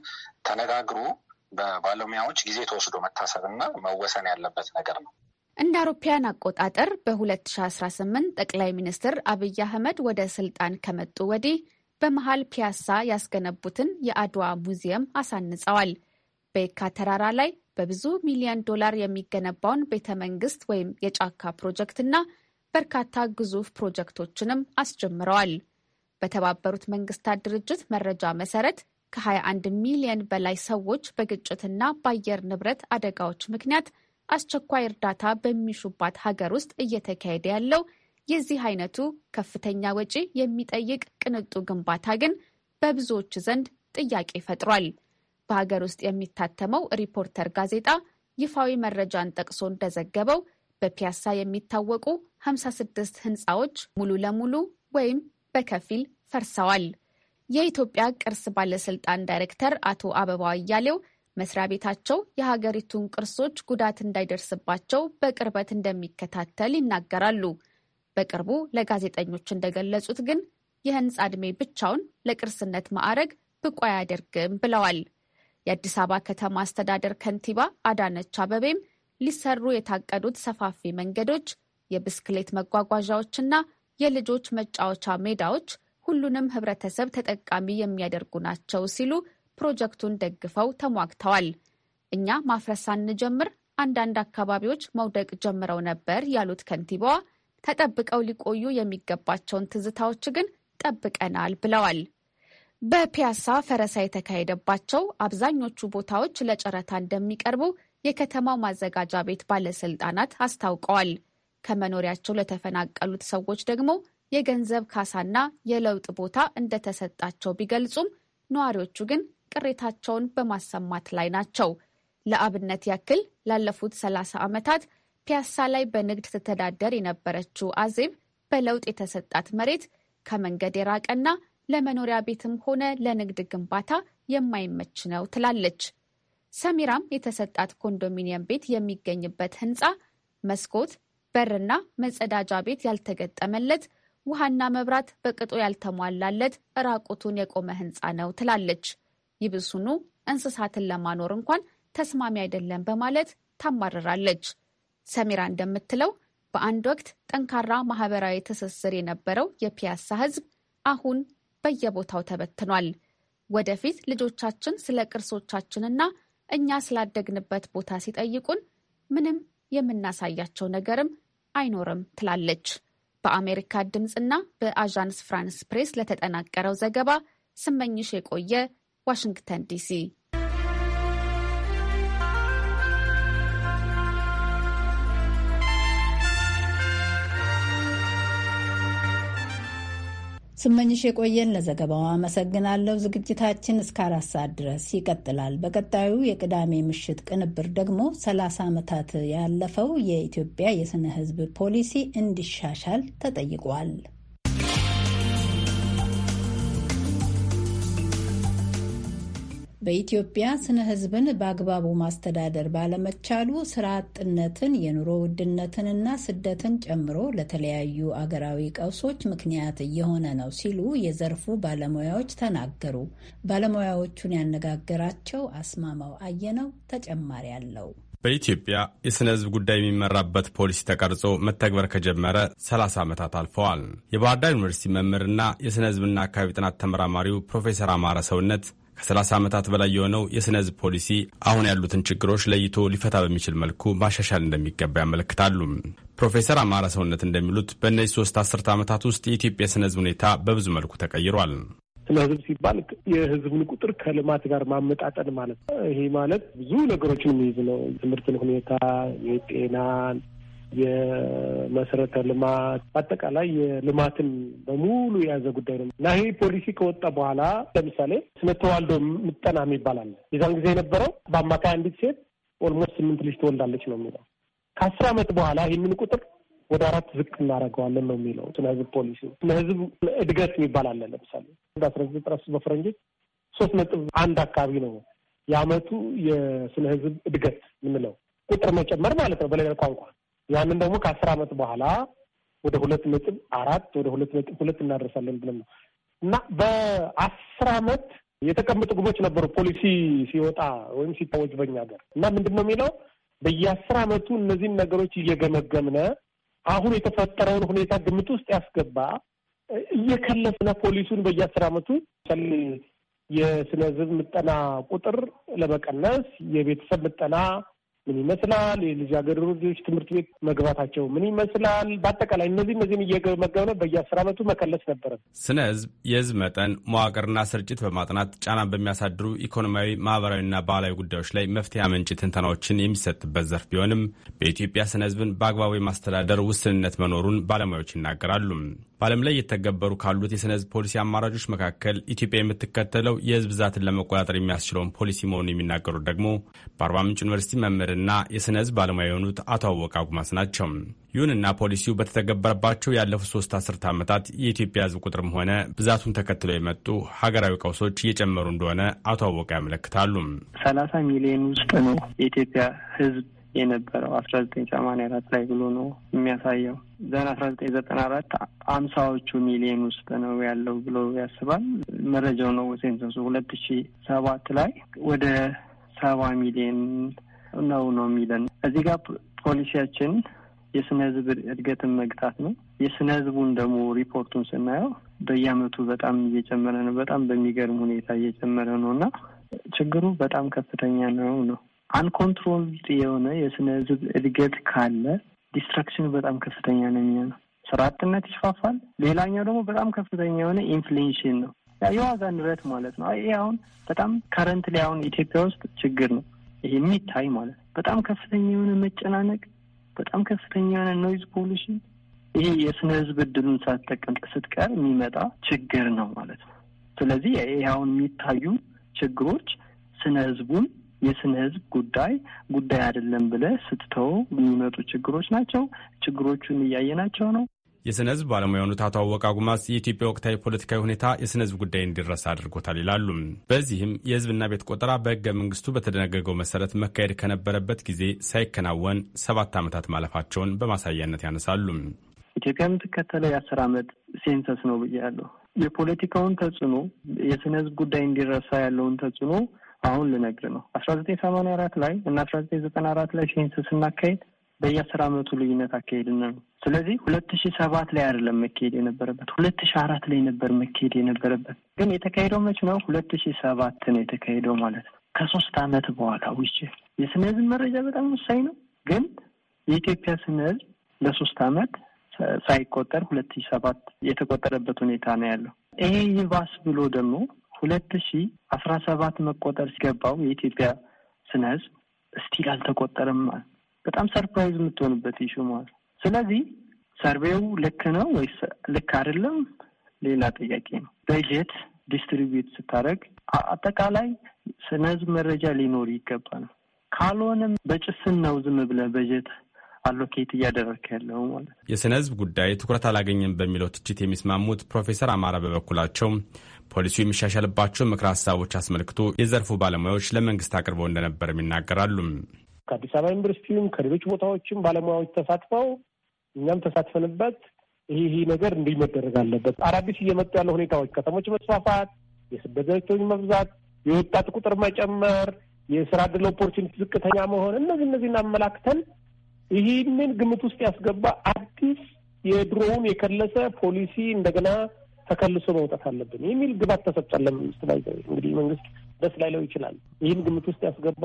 ተነጋግሮ በባለሙያዎች ጊዜ ተወስዶ መታሰብና መወሰን ያለበት ነገር ነው። እንደ አውሮፓውያን አቆጣጠር በ2018 ጠቅላይ ሚኒስትር አብይ አህመድ ወደ ስልጣን ከመጡ ወዲህ በመሀል ፒያሳ ያስገነቡትን የአድዋ ሙዚየም አሳንጸዋል። በየካ ተራራ ላይ በብዙ ሚሊዮን ዶላር የሚገነባውን ቤተ መንግስት ወይም የጫካ ፕሮጀክትና በርካታ ግዙፍ ፕሮጀክቶችንም አስጀምረዋል። በተባበሩት መንግስታት ድርጅት መረጃ መሰረት ከ21 ሚሊዮን በላይ ሰዎች በግጭትና በአየር ንብረት አደጋዎች ምክንያት አስቸኳይ እርዳታ በሚሹባት ሀገር ውስጥ እየተካሄደ ያለው የዚህ አይነቱ ከፍተኛ ወጪ የሚጠይቅ ቅንጡ ግንባታ ግን በብዙዎች ዘንድ ጥያቄ ፈጥሯል። በሀገር ውስጥ የሚታተመው ሪፖርተር ጋዜጣ ይፋዊ መረጃን ጠቅሶ እንደዘገበው በፒያሳ የሚታወቁ 56 ህንፃዎች ሙሉ ለሙሉ ወይም በከፊል ፈርሰዋል። የኢትዮጵያ ቅርስ ባለስልጣን ዳይሬክተር አቶ አበባ አያሌው መስሪያ ቤታቸው የሀገሪቱን ቅርሶች ጉዳት እንዳይደርስባቸው በቅርበት እንደሚከታተል ይናገራሉ። በቅርቡ ለጋዜጠኞች እንደገለጹት ግን የህንፃ ዕድሜ ብቻውን ለቅርስነት ማዕረግ ብቁ አያደርግም ብለዋል። የአዲስ አበባ ከተማ አስተዳደር ከንቲባ አዳነች አበቤም ሊሰሩ የታቀዱት ሰፋፊ መንገዶች፣ የብስክሌት መጓጓዣዎችና የልጆች መጫወቻ ሜዳዎች ሁሉንም ህብረተሰብ ተጠቃሚ የሚያደርጉ ናቸው ሲሉ ፕሮጀክቱን ደግፈው ተሟግተዋል። እኛ ማፍረስ ሳንጀምር አንዳንድ አካባቢዎች መውደቅ ጀምረው ነበር ያሉት ከንቲባዋ ተጠብቀው ሊቆዩ የሚገባቸውን ትዝታዎች ግን ጠብቀናል ብለዋል። በፒያሳ ፈረሳ የተካሄደባቸው አብዛኞቹ ቦታዎች ለጨረታ እንደሚቀርቡ የከተማው ማዘጋጃ ቤት ባለስልጣናት አስታውቀዋል። ከመኖሪያቸው ለተፈናቀሉት ሰዎች ደግሞ የገንዘብ ካሳና የለውጥ ቦታ እንደተሰጣቸው ቢገልጹም ነዋሪዎቹ ግን ቅሬታቸውን በማሰማት ላይ ናቸው። ለአብነት ያክል ላለፉት 30 ዓመታት ፒያሳ ላይ በንግድ ትተዳደር የነበረችው አዜብ በለውጥ የተሰጣት መሬት ከመንገድ የራቀና ለመኖሪያ ቤትም ሆነ ለንግድ ግንባታ የማይመች ነው ትላለች። ሰሚራም የተሰጣት ኮንዶሚኒየም ቤት የሚገኝበት ህንፃ መስኮት፣ በርና መጸዳጃ ቤት ያልተገጠመለት፣ ውሃና መብራት በቅጡ ያልተሟላለት ራቁቱን የቆመ ህንፃ ነው ትላለች። ይብሱኑ እንስሳትን ለማኖር እንኳን ተስማሚ አይደለም በማለት ታማርራለች። ሰሚራ እንደምትለው በአንድ ወቅት ጠንካራ ማህበራዊ ትስስር የነበረው የፒያሳ ህዝብ አሁን በየቦታው ተበትኗል። ወደፊት ልጆቻችን ስለ ቅርሶቻችንና እኛ ስላደግንበት ቦታ ሲጠይቁን ምንም የምናሳያቸው ነገርም አይኖርም ትላለች። በአሜሪካ ድምፅና በአዣንስ ፍራንስ ፕሬስ ለተጠናቀረው ዘገባ ስመኝሽ የቆየ ዋሽንግተን ዲሲ። ስመኝሽ የቆየን ለዘገባው አመሰግናለሁ። ዝግጅታችን እስከ አራት ሰዓት ድረስ ይቀጥላል። በቀጣዩ የቅዳሜ ምሽት ቅንብር ደግሞ ሰላሳ ዓመታት ያለፈው የኢትዮጵያ የስነ ህዝብ ፖሊሲ እንዲሻሻል ተጠይቋል። በኢትዮጵያ ስነ ህዝብን በአግባቡ ማስተዳደር ባለመቻሉ ስራ አጥነትን፣ የኑሮ ውድነትንና ስደትን ጨምሮ ለተለያዩ አገራዊ ቀውሶች ምክንያት እየሆነ ነው ሲሉ የዘርፉ ባለሙያዎች ተናገሩ። ባለሙያዎቹን ያነጋገራቸው አስማማው አየነው ተጨማሪ አለው። በኢትዮጵያ የሥነ ህዝብ ጉዳይ የሚመራበት ፖሊሲ ተቀርጾ መተግበር ከጀመረ 30 ዓመታት አልፈዋል። የባህር ዳር ዩኒቨርሲቲ መምህርና የሥነ ህዝብና አካባቢ ጥናት ተመራማሪው ፕሮፌሰር አማረ ሰውነት ከ30 ዓመታት በላይ የሆነው የሥነ ፖሊሲ አሁን ያሉትን ችግሮች ለይቶ ሊፈታ በሚችል መልኩ ማሻሻል እንደሚገባ ያመለክታሉ። ፕሮፌሰር አማረ ሰውነት እንደሚሉት በእነዚህ ሶስት አስርተ ዓመታት ውስጥ የኢትዮጵያ የሥነ ሁኔታ በብዙ መልኩ ተቀይሯል። ስለ ህዝብ ሲባል የህዝቡን ቁጥር ከልማት ጋር ማመጣጠን ማለት ነው። ይሄ ማለት ብዙ ነገሮችን የሚይዝ ነው። ትምህርትን ሁኔታ፣ የጤናን፣ የመሰረተ ልማት፣ በአጠቃላይ የልማትን በሙሉ የያዘ ጉዳይ ነው እና ይሄ ፖሊሲ ከወጣ በኋላ ለምሳሌ ስነ ተዋልዶ ምጠና ይባላል። የዛን ጊዜ የነበረው በአማካይ አንዲት ሴት ኦልሞስት ስምንት ልጅ ትወልዳለች ነው የሚለው። ከአስር ዓመት በኋላ ይህንን ቁጥር ወደ አራት ዝቅ እናደርገዋለን ነው የሚለው ስነ ህዝብ ፖሊሲ። ስነ ህዝብ እድገት የሚባል አለ። ለምሳሌ አስራ ዘጠኝ ጥረስ በፈረንጆች ሶስት ነጥብ አንድ አካባቢ ነው የአመቱ የስነ ህዝብ እድገት የምንለው ቁጥር መጨመር ማለት ነው በሌላ ቋንቋ ያንን ደግሞ ከአስር ዓመት በኋላ ወደ ሁለት ነጥብ አራት ወደ ሁለት ነጥብ ሁለት እናደርሳለን ብለን ነው እና በአስር አመት የተቀመጡ ግቦች ነበሩ ፖሊሲ ሲወጣ ወይም ሲታወጅ በኛ ሀገር እና ምንድን ነው የሚለው በየአስር ዓመቱ እነዚህን ነገሮች እየገመገምነ አሁን የተፈጠረውን ሁኔታ ግምት ውስጥ ያስገባ እየከለስነ ፖሊሱን በየአስር አመቱ የስነ ህዝብ ምጠና ቁጥር ለመቀነስ የቤተሰብ ምጠና ምን ይመስላል፣ የልጃገረዶች ትምህርት ቤት መግባታቸው ምን ይመስላል፣ በአጠቃላይ እነዚህ እነዚህን እየመገብነ በየአስር ዓመቱ መከለስ ነበረ። ስነ ህዝብ፣ የህዝብ መጠን፣ መዋቅርና ስርጭት በማጥናት ጫናን በሚያሳድሩ ኢኮኖሚያዊ፣ ማህበራዊና ባህላዊ ጉዳዮች ላይ መፍትሄ አመንጭ ትንተናዎችን የሚሰጥበት ዘርፍ ቢሆንም በኢትዮጵያ ስነ ህዝብን በአግባቡ የማስተዳደር ውስንነት መኖሩን ባለሙያዎች ይናገራሉ። በዓለም ላይ እየተገበሩ ካሉት የስነ ህዝብ ፖሊሲ አማራጮች መካከል ኢትዮጵያ የምትከተለው የህዝብ ብዛትን ለመቆጣጠር የሚያስችለውን ፖሊሲ መሆኑን የሚናገሩት ደግሞ በአርባ ምንጭ ዩኒቨርሲቲ መምህርና የስነ ህዝብ ባለሙያ የሆኑት አቶ አወቀ አጉማስ ናቸው። ይሁንና ፖሊሲው በተተገበረባቸው ያለፉት ሶስት አስርት ዓመታት የኢትዮጵያ ህዝብ ቁጥርም ሆነ ብዛቱን ተከትለው የመጡ ሀገራዊ ቀውሶች እየጨመሩ እንደሆነ አቶ አወቀ ያመለክታሉ። ሰላሳ ሚሊዮን ውስጥ ነው የኢትዮጵያ ህዝብ የነበረው አስራ ዘጠኝ ሰማንያ አራት ላይ ብሎ ነው የሚያሳየው። ዘን አስራ ዘጠኝ ዘጠና አራት አምሳዎቹ ሚሊዮን ውስጥ ነው ያለው ብሎ ያስባል። መረጃው ነው ሴንሰሱ ሁለት ሺ ሰባት ላይ ወደ ሰባ ሚሊዮን ነው ነው የሚለን እዚህ ጋር ፖሊሲያችን የስነ ህዝብ እድገትን መግታት ነው። የስነ ህዝቡን ደግሞ ሪፖርቱን ስናየው በየአመቱ በጣም እየጨመረ ነው። በጣም በሚገርም ሁኔታ እየጨመረ ነው እና ችግሩ በጣም ከፍተኛ ነው ነው አንኮንትሮልድ የሆነ የስነ ህዝብ እድገት ካለ ዲስትራክሽኑ በጣም ከፍተኛ ነው የሚሆነው። ስራ አጥነት ይስፋፋል። ሌላኛው ደግሞ በጣም ከፍተኛ የሆነ ኢንፍሌሽን ነው፣ የዋጋ ንረት ማለት ነው። ይሄ አሁን በጣም ከረንት ላይ አሁን ኢትዮጵያ ውስጥ ችግር ነው ይሄ የሚታይ ማለት ነው። በጣም ከፍተኛ የሆነ መጨናነቅ፣ በጣም ከፍተኛ የሆነ ኖይዝ ፖሉሽን፣ ይሄ የስነ ህዝብ እድሉን ሳትጠቀም ስትቀር የሚመጣ ችግር ነው ማለት ነው። ስለዚህ ይሄ አሁን የሚታዩ ችግሮች ስነ ህዝቡን የስነ ህዝብ ጉዳይ ጉዳይ አይደለም ብለህ ስትተው የሚመጡ ችግሮች ናቸው። ችግሮቹን እያየናቸው ነው። የስነ ህዝብ ባለሙያ የሆኑት አቶ አወቃ ጉማስ የኢትዮጵያ ወቅታዊ ፖለቲካዊ ሁኔታ የስነ ህዝብ ጉዳይ እንዲረሳ አድርጎታል ይላሉ። በዚህም የህዝብና ቤት ቆጠራ በህገ መንግስቱ በተደነገገው መሰረት መካሄድ ከነበረበት ጊዜ ሳይከናወን ሰባት ዓመታት ማለፋቸውን በማሳያነት ያነሳሉ። ኢትዮጵያ የምትከተለው የአስር ዓመት ሴንሰስ ነው ብያለሁ። የፖለቲካውን ተጽዕኖ የስነ ህዝብ ጉዳይ እንዲረሳ ያለውን ተጽዕኖ አሁን ልነግር ነው። አስራ ዘጠኝ ሰማንያ አራት ላይ እና አስራ ዘጠኝ ዘጠና አራት ላይ ሴንሰስ ስናካሄድ በየአስር አመቱ ልዩነት አካሄድን ነው። ስለዚህ ሁለት ሺ ሰባት ላይ አይደለም መካሄድ የነበረበት ሁለት ሺ አራት ላይ ነበር መካሄድ የነበረበት። ግን የተካሄደው መች ነው? ሁለት ሺ ሰባት ነው የተካሄደው ማለት ነው። ከሶስት አመት በኋላ ውጭ የስነ ህዝብ መረጃ በጣም ወሳኝ ነው። ግን የኢትዮጵያ ስነ ህዝብ ለሶስት አመት ሳይቆጠር ሁለት ሺ ሰባት የተቆጠረበት ሁኔታ ነው ያለው። ይሄ ይባስ ብሎ ደግሞ ሁለት ሺ አስራ ሰባት መቆጠር ሲገባው የኢትዮጵያ ስነ ህዝብ ስቲል አልተቆጠረም። ማለት በጣም ሰርፕራይዝ የምትሆንበት ይሹ ማለት ስለዚህ ሰርቬው ልክ ነው ወይስ ልክ አይደለም ሌላ ጥያቄ ነው። በጀት ዲስትሪቢዩት ስታደርግ አጠቃላይ ስነ ህዝብ መረጃ ሊኖር ይገባል። ካልሆነም በጭስን ነው ዝም ብለህ በጀት አሎኬት እያደረግክ ያለው ማለት የስነ ህዝብ ጉዳይ ትኩረት አላገኘም በሚለው ትችት የሚስማሙት ፕሮፌሰር አማራ በበኩላቸው ፖሊሲው የሚሻሻልባቸው ምክረ ሀሳቦች አስመልክቶ የዘርፉ ባለሙያዎች ለመንግስት አቅርበው እንደነበርም ይናገራሉ። ከአዲስ አበባ ዩኒቨርሲቲም ከሌሎች ቦታዎችም ባለሙያዎች ተሳትፈው እኛም ተሳትፈንበት ይህ ነገር እንዲህ መደረግ አለበት። አዳዲስ እየመጡ ያለው ሁኔታዎች ከተሞች መስፋፋት፣ የስደተኞች መብዛት፣ የወጣት ቁጥር መጨመር፣ የስራ ዕድል ኦፖርቹኒቲ ዝቅተኛ መሆን እነዚህ እነዚህን አመላክተን ይህንን ግምት ውስጥ ያስገባ አዲስ የድሮውን የከለሰ ፖሊሲ እንደገና ተከልሶ መውጣት አለብን የሚል ግባት ተሰጥቷል ለመንግስት። ላይ እንግዲህ መንግስት ደስ ላይለው ይችላል። ይህን ግምት ውስጥ ያስገባ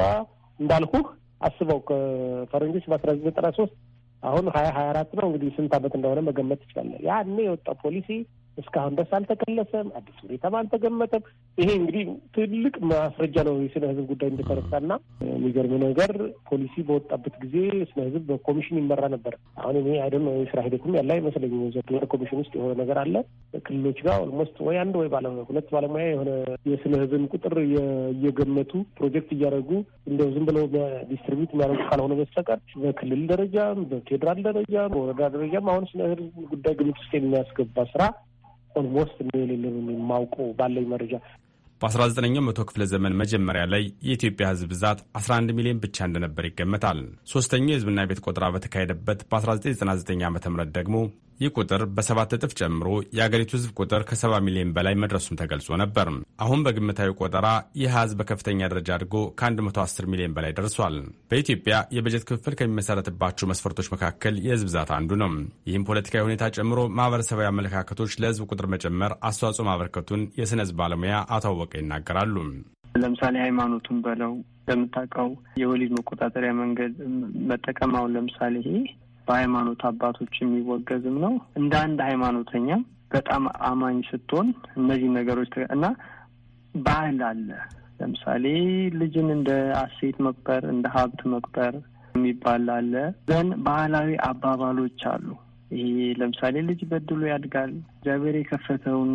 እንዳልኩህ አስበው ከፈረንጆች በአስራ ዘጠና ሶስት አሁን ሀያ ሀያ አራት ነው እንግዲህ ስንት አመት እንደሆነ መገመት ትችላለን። ያኔ የወጣው ፖሊሲ እስካሁን ደስ አልተገለጸም። አዲስ ሁኔታም አልተገመተም። ይሄ እንግዲህ ትልቅ ማስረጃ ነው የስነ ህዝብ ጉዳይ እንደተረሳ እንደተረሳና የሚገርም ነገር ፖሊሲ በወጣበት ጊዜ ስነ ህዝብ በኮሚሽን ይመራ ነበር። አሁን እኔ አይደም የስራ ሂደትም ያለ አይመስለኝ ወደ ኮሚሽን ውስጥ የሆነ ነገር አለ ክልሎች ጋር ኦልሞስት ወይ አንድ ወይ ባለ ሁለት ባለሙያ የሆነ የስነ ህዝብን ቁጥር እየገመቱ ፕሮጀክት እያደረጉ እንደው ዝም ብለው ዲስትሪቢዩት የሚያደርጉ ካልሆነ በስተቀር በክልል ደረጃም በፌዴራል ደረጃም በወረዳ ደረጃም አሁን ስነ ህዝብ ጉዳይ ግምት ውስጥ የሚያስገባ ስራ ኦልሞስት እኔ የሌለንም የማውቀው ባለኝ መረጃ በ19ኛው መቶ ክፍለ ዘመን መጀመሪያ ላይ የኢትዮጵያ ሕዝብ ብዛት 11 ሚሊዮን ብቻ እንደነበር ይገመታል። ሶስተኛው የሕዝብና ቤት ቆጠራ በተካሄደበት በ1999 ዓ ም ደግሞ ይህ ቁጥር በሰባት እጥፍ ጨምሮ የአገሪቱ ህዝብ ቁጥር ከ70 ሚሊዮን በላይ መድረሱም ተገልጾ ነበር። አሁን በግምታዊ ቆጠራ ይህ ህዝብ በከፍተኛ ደረጃ አድጎ ከ110 ሚሊዮን በላይ ደርሷል። በኢትዮጵያ የበጀት ክፍፍል ከሚመሰረትባቸው መስፈርቶች መካከል የህዝብ ብዛት አንዱ ነው። ይህም ፖለቲካዊ ሁኔታ ጨምሮ ማህበረሰባዊ አመለካከቶች ለህዝብ ቁጥር መጨመር አስተዋጽኦ ማበርከቱን የሥነ ህዝብ ባለሙያ አቶ አወቀ ይናገራሉ። ለምሳሌ ሃይማኖቱን በለው እንደምታውቀው የወሊድ መቆጣጠሪያ መንገድ መጠቀም አሁን ለምሳሌ ይሄ በሃይማኖት አባቶች የሚወገዝም ነው። እንደ አንድ ሃይማኖተኛም በጣም አማኝ ስትሆን እነዚህ ነገሮች እና ባህል አለ። ለምሳሌ ልጅን እንደ አሴት መቅበር፣ እንደ ሀብት መቅበር የሚባል አለ። ዘን ባህላዊ አባባሎች አሉ። ይሄ ለምሳሌ ልጅ በድሎ ያድጋል። እግዚአብሔር የከፈተውን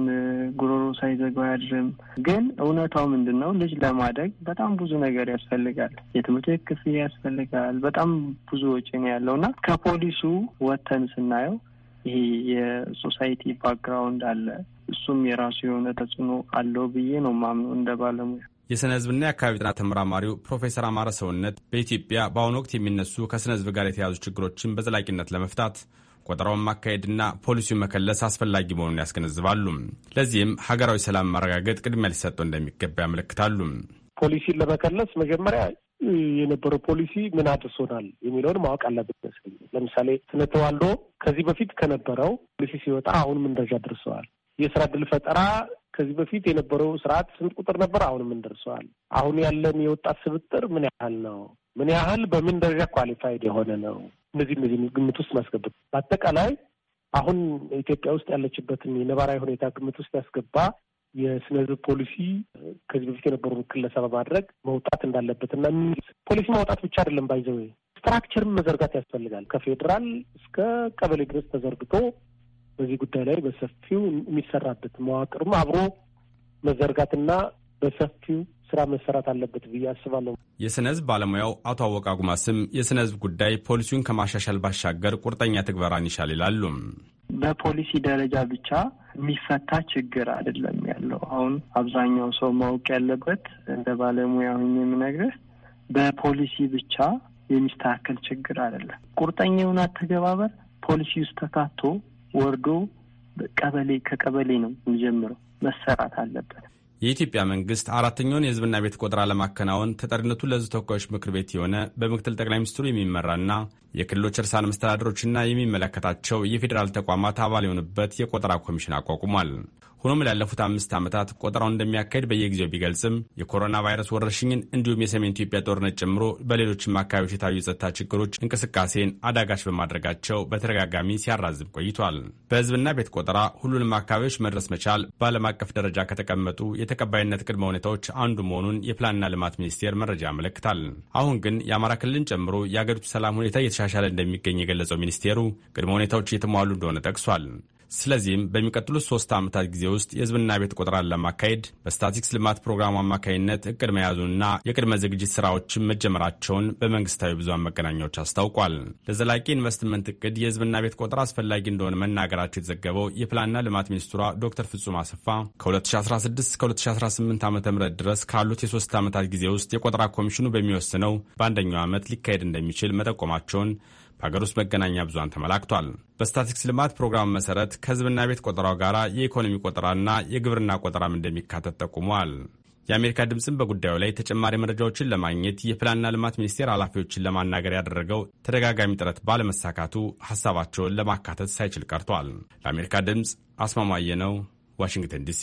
ጉሮሮ ሳይዘጋው አያድርም። ግን እውነታው ምንድን ነው? ልጅ ለማደግ በጣም ብዙ ነገር ያስፈልጋል። የትምህርት ቤት ክፍያ ያስፈልጋል። በጣም ብዙ ወጪ ነው ያለው እና ከፖሊሱ ወተን ስናየው ይሄ የሶሳይቲ ባክግራውንድ አለ። እሱም የራሱ የሆነ ተጽዕኖ አለው ብዬ ነው ማምነው እንደ ባለሙያ። የስነ ህዝብና የአካባቢ ጥናት ተመራማሪው ፕሮፌሰር አማረ ሰውነት በኢትዮጵያ በአሁኑ ወቅት የሚነሱ ከስነ ህዝብ ጋር የተያያዙ ችግሮችን በዘላቂነት ለመፍታት ቆጠራውን ማካሄድና ፖሊሲውን መከለስ አስፈላጊ መሆኑን ያስገነዝባሉ። ለዚህም ሀገራዊ ሰላም ማረጋገጥ ቅድሚያ ሊሰጠው እንደሚገባ ያመለክታሉ። ፖሊሲን ለመከለስ መጀመሪያ የነበረው ፖሊሲ ምን አድርሶናል የሚለውን ማወቅ አለብን ለምሳሌ ስነ ተዋልዶ ከዚህ በፊት ከነበረው ፖሊሲ ሲወጣ አሁን ምን ደረጃ ደርሰዋል? የስራ እድል ፈጠራ ከዚህ በፊት የነበረው ስርዓት ስንት ቁጥር ነበር? አሁን ምን ደርሰዋል? አሁን ያለን የወጣት ስብጥር ምን ያህል ነው? ምን ያህል በምን ደረጃ ኳሊፋይድ የሆነ ነው። እነዚህ እነዚህ ግምት ውስጥ ማስገባት በአጠቃላይ አሁን ኢትዮጵያ ውስጥ ያለችበትን የነባራዊ ሁኔታ ግምት ውስጥ ያስገባ የስነ ህዝብ ፖሊሲ ከዚህ በፊት የነበሩ ክለሳ በማድረግ መውጣት እና ፖሊሲ ማውጣት ብቻ አይደለም ባይዘው ስትራክቸርን መዘርጋት ያስፈልጋል። ከፌዴራል እስከ ቀበሌ ድረስ ተዘርግቶ በዚህ ጉዳይ ላይ በሰፊው የሚሰራበት መዋቅርም አብሮ መዘርጋትና በሰፊው ስራ መሰራት አለበት ብዬ አስባለሁ። የስነ ህዝብ ባለሙያው አቶ አወቃ ጉማ ስም የስነ ህዝብ ጉዳይ ፖሊሲውን ከማሻሻል ባሻገር ቁርጠኛ ትግበራን ይሻል ይላሉ። በፖሊሲ ደረጃ ብቻ የሚፈታ ችግር አይደለም ያለው። አሁን አብዛኛው ሰው ማወቅ ያለበት እንደ ባለሙያ ሁኝ የምነግርህ በፖሊሲ ብቻ የሚስተካከል ችግር አይደለም። ቁርጠኛ የሆነ አተገባበር ፖሊሲ ውስጥ ተካቶ ወርዶ ቀበሌ ከቀበሌ ነው የሚጀምረው መሰራት አለበት። የኢትዮጵያ መንግስት አራተኛውን የህዝብና ቤት ቆጠራ ለማከናወን ተጠሪነቱ ለህዝብ ተወካዮች ምክር ቤት የሆነ በምክትል ጠቅላይ ሚኒስትሩ የሚመራና የክልሎች እርሳን መስተዳድሮችና የሚመለከታቸው የፌዴራል ተቋማት አባል የሆኑበት የቆጠራ ኮሚሽን አቋቁሟል። ሆኖም ላለፉት አምስት ዓመታት ቆጠራውን እንደሚያካሄድ በየጊዜው ቢገልጽም የኮሮና ቫይረስ ወረርሽኝን እንዲሁም የሰሜን ኢትዮጵያ ጦርነት ጨምሮ በሌሎችም አካባቢዎች የታዩ የጸጥታ ችግሮች እንቅስቃሴን አዳጋች በማድረጋቸው በተደጋጋሚ ሲያራዝም ቆይቷል። በህዝብና ቤት ቆጠራ ሁሉንም አካባቢዎች መድረስ መቻል በዓለም አቀፍ ደረጃ ከተቀመጡ የተቀባይነት ቅድመ ሁኔታዎች አንዱ መሆኑን የፕላንና ልማት ሚኒስቴር መረጃ ያመለክታል። አሁን ግን የአማራ ክልልን ጨምሮ የአገሪቱ ሰላም ሁኔታ እየተሻሻለ እንደሚገኝ የገለጸው ሚኒስቴሩ ቅድመ ሁኔታዎች እየተሟሉ እንደሆነ ጠቅሷል። ስለዚህም በሚቀጥሉት ሶስት ዓመታት ጊዜ ውስጥ የህዝብና ቤት ቆጠራን ለማካሄድ በስታቲክስ ልማት ፕሮግራሙ አማካኝነት እቅድ መያዙንና የቅድመ ዝግጅት ስራዎችን መጀመራቸውን በመንግስታዊ ብዙሃን መገናኛዎች አስታውቋል። ለዘላቂ ኢንቨስትመንት እቅድ የህዝብና ቤት ቆጠራ አስፈላጊ እንደሆነ መናገራቸው የተዘገበው የፕላንና ልማት ሚኒስትሯ ዶክተር ፍጹም አሰፋ ከ2016 እስከ 2018 ዓ ም ድረስ ካሉት የሶስት ዓመታት ጊዜ ውስጥ የቆጠራ ኮሚሽኑ በሚወስነው በአንደኛው ዓመት ሊካሄድ እንደሚችል መጠቆማቸውን በሀገር ውስጥ መገናኛ ብዙሃን ተመላክቷል። በስታቲክስ ልማት ፕሮግራም መሰረት ከህዝብና ቤት ቆጠራው ጋር የኢኮኖሚ ቆጠራና የግብርና ቆጠራም እንደሚካተት ጠቁመዋል። የአሜሪካ ድምፅም በጉዳዩ ላይ ተጨማሪ መረጃዎችን ለማግኘት የፕላንና ልማት ሚኒስቴር ኃላፊዎችን ለማናገር ያደረገው ተደጋጋሚ ጥረት ባለመሳካቱ ሀሳባቸውን ለማካተት ሳይችል ቀርቷል። ለአሜሪካ ድምፅ አስማማየ ነው፣ ዋሽንግተን ዲሲ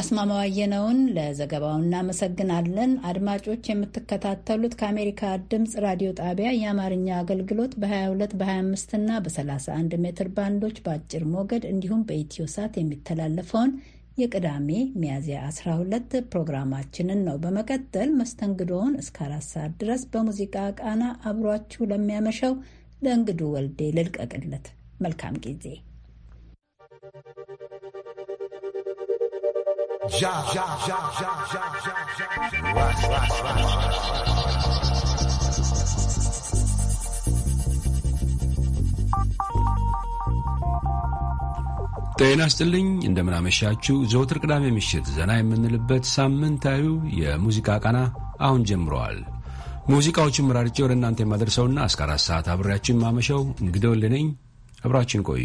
አስማማው አየነውን ለዘገባው እናመሰግናለን። አድማጮች የምትከታተሉት ከአሜሪካ ድምፅ ራዲዮ ጣቢያ የአማርኛ አገልግሎት በ22 በ25 እና በ31 ሜትር ባንዶች በአጭር ሞገድ እንዲሁም በኢትዮ ሳት የሚተላለፈውን የቅዳሜ ሚያዝያ 12 ፕሮግራማችንን ነው። በመቀጠል መስተንግዶውን እስከ አራት ሰዓት ድረስ በሙዚቃ ቃና አብሯችሁ ለሚያመሸው ለእንግዱ ወልዴ ልልቀቅለት። መልካም ጊዜ Já, já, já, já, já, já, já. ጤና ይስጥልኝ። እንደምናመሻችሁ። ዘወትር ቅዳሜ ምሽት ዘና የምንልበት ሳምንታዊው የሙዚቃ ቃና አሁን ጀምረዋል። ሙዚቃዎቹን መራርጬ ወደ እናንተ የማደርሰውና እስከ አራት ሰዓት አብሬያችን ማመሸው እንግደውልነኝ። አብራችን ቆዩ።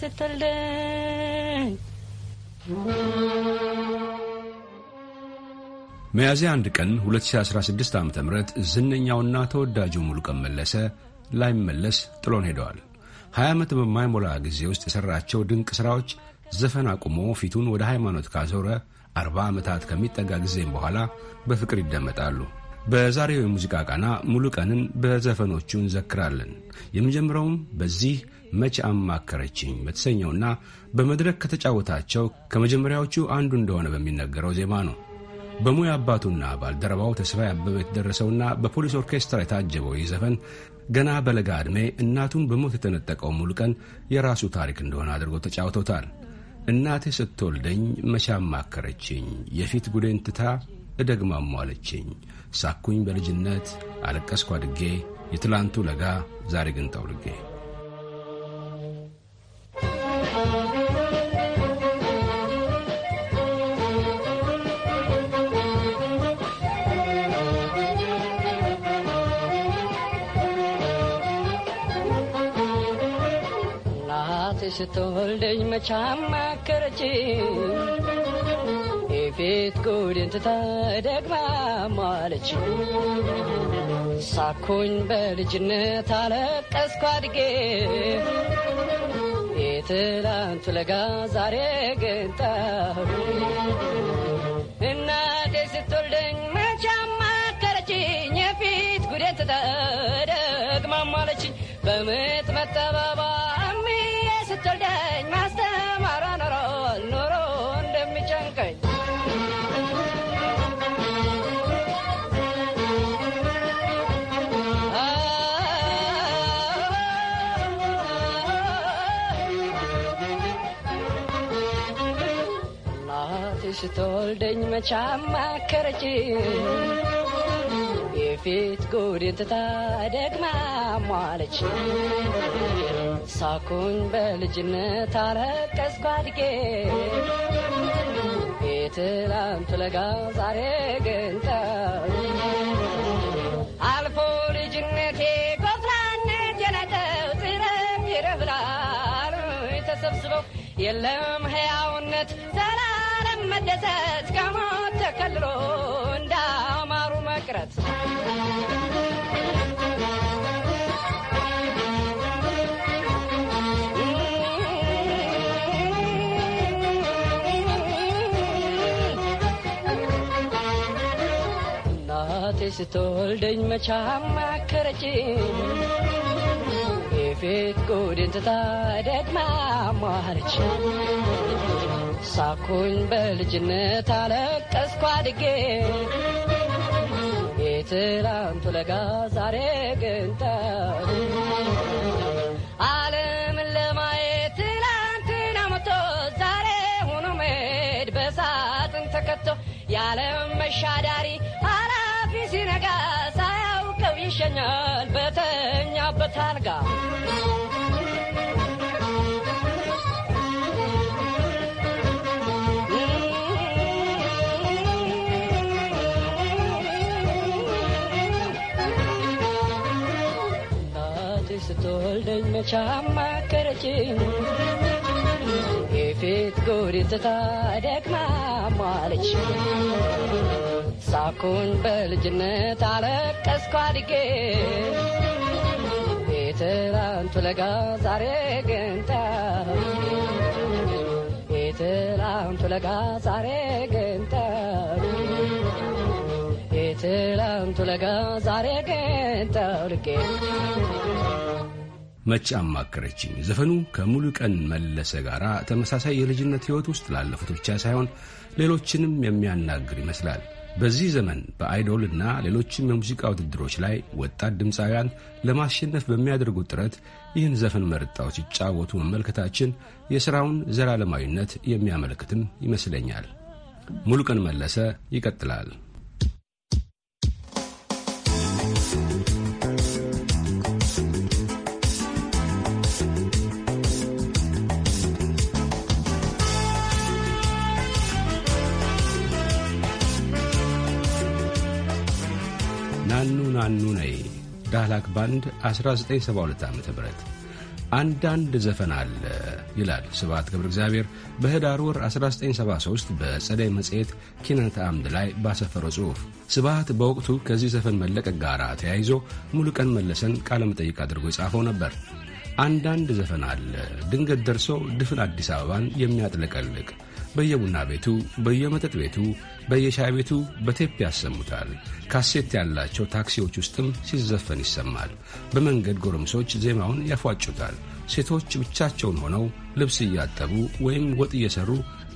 ስትልልኝ ሚያዝያ አንድ ቀን 2016 ዓ ም ዝነኛውና ተወዳጁ ሙሉቀን መለሰ ላይመለስ ጥሎን ሄደዋል። 20 ዓመት በማይሞላ ጊዜ ውስጥ የሠራቸው ድንቅ ሥራዎች ዘፈን አቁሞ ፊቱን ወደ ሃይማኖት ካዞረ 40 ዓመታት ከሚጠጋ ጊዜም በኋላ በፍቅር ይደመጣሉ። በዛሬው የሙዚቃ ቃና ሙሉ ቀንን በዘፈኖቹ እንዘክራለን። የመጀመሪያውም በዚህ መች አማከረችኝ በተሰኘውና በመድረክ ከተጫወታቸው ከመጀመሪያዎቹ አንዱ እንደሆነ በሚነገረው ዜማ ነው። በሙያ አባቱና ባልደረባው ተስፋ አበበ የተደረሰውና በፖሊስ ኦርኬስትራ የታጀበው ይህ ዘፈን ገና በለጋ ዕድሜ እናቱን በሞት የተነጠቀው ሙሉ ቀን የራሱ ታሪክ እንደሆነ አድርጎ ተጫውቶታል። እናቴ ስትወልደኝ መቻ አማከረችኝ፣ የፊት ጉዴን ትታ እደግማሟለችኝ ሳኩኝ በልጅነት አለቀስኩ አድጌ የትላንቱ ለጋ ዛሬ ግን ጠውልጌ ስትወልደኝ መቻ ማከረችኝ ቤት ጉድን ትታ ደግማ ማለች ሳኩኝ በልጅነት አለቀስኩ አድጌ የትላንቱ ለጋ ዛሬ ግን ጠሁ እናቴ ስትወልደኝ መቻ ማከረችኝ የፊት ጉድን ትታ ወልደኝ መቻ ማከረች የፊት ጉድን ትታ ደግማ ሟለች። ሳኩኝ በልጅነት አለቀስኩ አድጌ የትላንቱ ለጋ ዛሬ ግን አልፎ ልጅነቴ ጎፍላነት የነጠው ጥረም ይረብላል ተሰብስበው የለም ሕያውነት ዘላ መደሰት ከሞት ተከልሎ እንዳማሩ መቅረት እናቴ ስትወልደኝ መቻም ማከረችኝ የፊት ጉድን ትታ ደግማ አሟረች ሳኩኝ በልጅነት አለቀስኩ አድጌ የትላንቱ ለጋ ዛሬ ግንጠ ዓለምን ለማየት ትላንትና ሞቶ ዛሬ ሆኖ መሄድ በሳጥን ተከቶ የዓለም መሻዳሪ ኃላፊ ሲነጋ ሳያውቀው ይሸኛል በተኛበት አልጋ ጫማ የፊት ጉሪት ተደግማ ሟለች ሳኩን በልጅነት አለቀስኩ አድጌ የትላንቱ ለጋ ዛሬ ገንታ የትላንቱ ለጋ ዛሬ ገንታ የትላንቱ ለጋ ዛሬ ገንታ ልቄ መች አማከረችኝ ዘፈኑ ከሙሉ ቀን መለሰ ጋር ተመሳሳይ የልጅነት ሕይወት ውስጥ ላለፉት ብቻ ሳይሆን ሌሎችንም የሚያናግር ይመስላል። በዚህ ዘመን በአይዶል እና ሌሎችም የሙዚቃ ውድድሮች ላይ ወጣት ድምፃውያን ለማሸነፍ በሚያደርጉት ጥረት ይህን ዘፈን መርጣው ሲጫወቱ መመልከታችን የሥራውን ዘላለማዊነት የሚያመለክትም ይመስለኛል። ሙሉቀን መለሰ ይቀጥላል። ናኑ ናኑ ነይ ዳህላክ ባንድ 1972 ዓ ም አንዳንድ ዘፈን አለ ይላል ስብሐት ገብረ እግዚአብሔር በህዳር ወር 1973 በጸደይ መጽሔት ኪነት አምድ ላይ ባሰፈረው ጽሑፍ። ስብሐት በወቅቱ ከዚህ ዘፈን መለቀቅ ጋር ተያይዞ ሙሉ ቀን መለሰን ቃለመጠይቅ አድርጎ የጻፈው ነበር። አንዳንድ ዘፈን አለ ድንገት ደርሶ ድፍን አዲስ አበባን የሚያጥለቀልቅ በየቡና ቤቱ፣ በየመጠጥ ቤቱ፣ በየሻይ ቤቱ በቴፕ ያሰሙታል። ካሴት ያላቸው ታክሲዎች ውስጥም ሲዘፈን ይሰማል። በመንገድ ጎረምሶች ዜማውን ያፏጩታል። ሴቶች ብቻቸውን ሆነው ልብስ እያጠቡ ወይም ወጥ እየሠሩ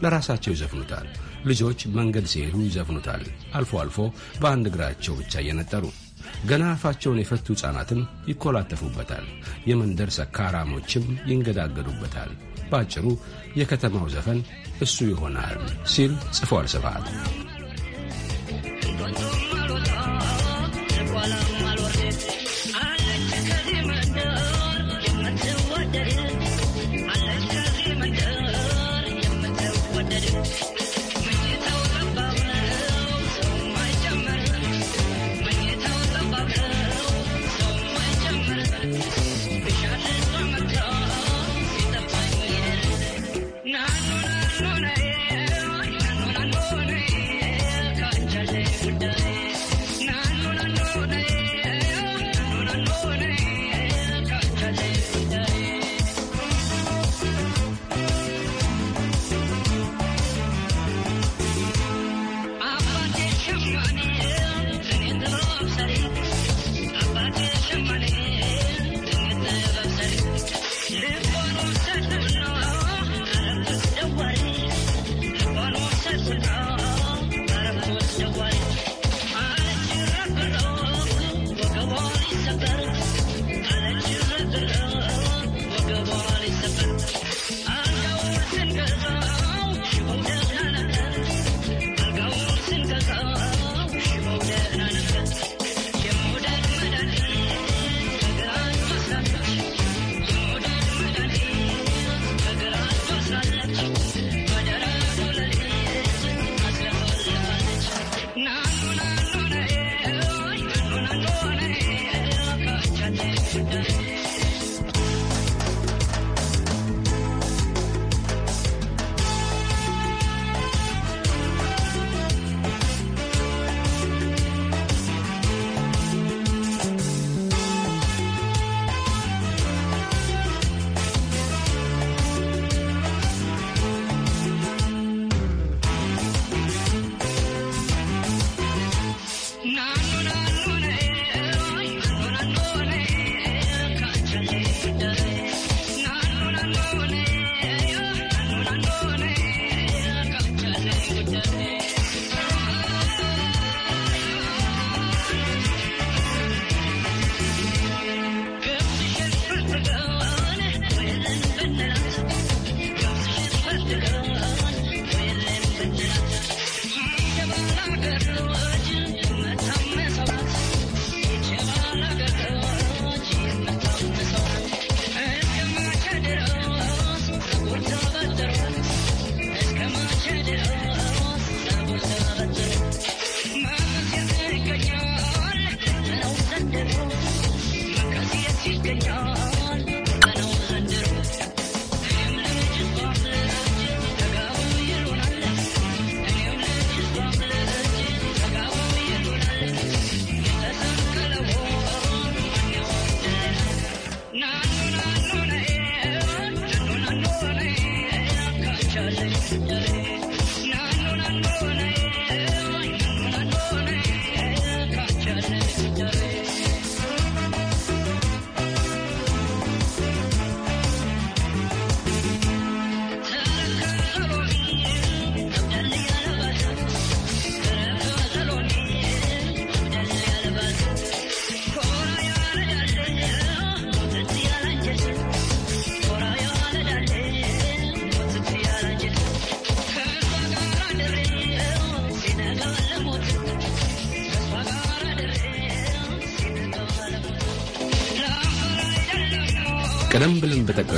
ለራሳቸው ይዘፍኑታል። ልጆች መንገድ ሲሄዱ ይዘፍኑታል። አልፎ አልፎ በአንድ እግራቸው ብቻ እየነጠሩ ገና አፋቸውን የፈቱ ሕፃናትም ይኮላተፉበታል። የመንደር ሰካራሞችም ይንገዳገዱበታል። በአጭሩ የከተማው ዘፈን እሱ ይሆናል ሲል ጽፏል ስብሃት።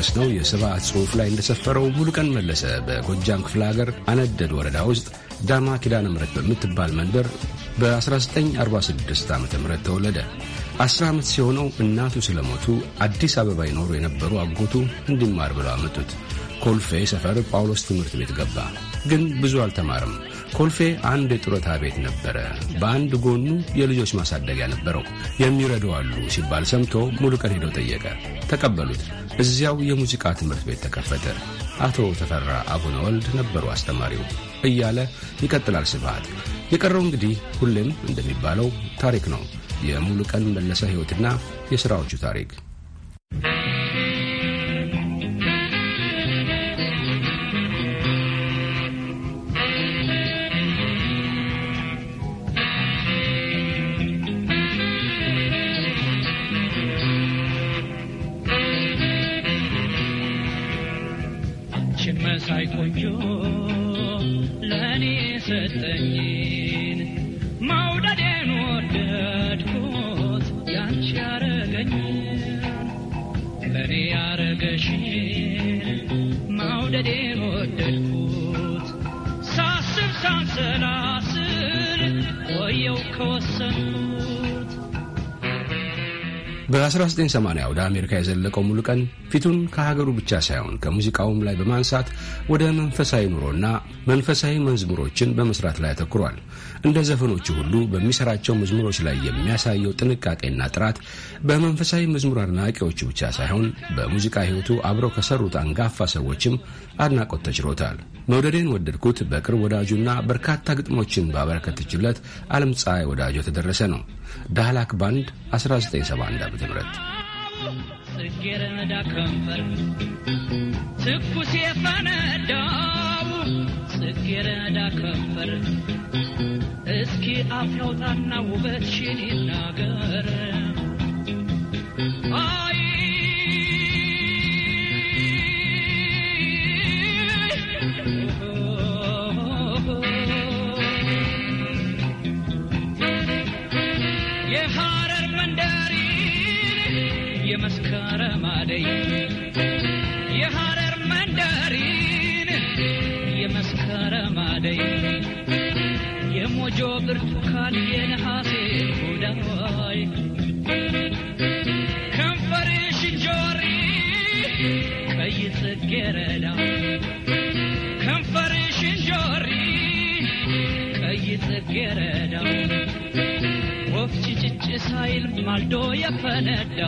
በሚወስደው የስብዓት ጽሑፍ ላይ እንደሰፈረው ሙሉቀን መለሰ በጎጃም ክፍለ ሀገር አነደድ ወረዳ ውስጥ ዳማ ኪዳነ ምረት በምትባል መንደር በ1946 ዓ ም ተወለደ። አስር ዓመት ሲሆነው እናቱ ስለሞቱ አዲስ አበባ ይኖሩ የነበሩ አጎቱ እንዲማር ብለው አመጡት። ኮልፌ ሰፈር ጳውሎስ ትምህርት ቤት ገባ። ግን ብዙ አልተማርም። ኮልፌ አንድ የጡረታ ቤት ነበረ። በአንድ ጎኑ የልጆች ማሳደጊያ ነበረው። የሚረዱ አሉ ሲባል ሰምቶ ሙሉቀን ሄደው ጠየቀ። ተቀበሉት። እዚያው የሙዚቃ ትምህርት ቤት ተከፈተ። አቶ ተፈራ አቡነ ወልድ ነበሩ አስተማሪው እያለ ይቀጥላል ስብሃት። የቀረው እንግዲህ ሁሌም እንደሚባለው ታሪክ ነው። የሙሉ ቀን መለሰ ሕይወትና የሥራዎቹ ታሪክ Kursen በ1980 ወደ አሜሪካ የዘለቀው ሙሉቀን ፊቱን ከሀገሩ ብቻ ሳይሆን ከሙዚቃውም ላይ በማንሳት ወደ መንፈሳዊ ኑሮና መንፈሳዊ መዝሙሮችን በመስራት ላይ አተኩሯል። እንደ ዘፈኖቹ ሁሉ በሚሰራቸው መዝሙሮች ላይ የሚያሳየው ጥንቃቄና ጥራት በመንፈሳዊ መዝሙር አድናቂዎቹ ብቻ ሳይሆን በሙዚቃ ሕይወቱ አብረው ከሰሩት አንጋፋ ሰዎችም አድናቆት ተችሎታል። መውደዴን ወደድኩት በቅርብ ወዳጁና በርካታ ግጥሞችን ባበረከተችለት አለም ፀሐይ ወዳጆ የተደረሰ ነው። ዳህላክ ባንድ 1971 ዓ ም ጽጌረዳ ከንፈር ትኩስ የፈነዳው ጽጌረዳ ከንፈር እስኪ ውበት ውበትሽን ይናገር ረማደይ የሐረር መንደሪን የመስከረም አደይ የሞጆ ብርቱካን የነሐሴ ሁዳዋይ ከንፈር ሽንጆሪ ቀይ ጽጌረዳ ከንፈር ሽንጆሪ ቀይ ጽጌረዳ ሳይል ማልዶ የፈነዳ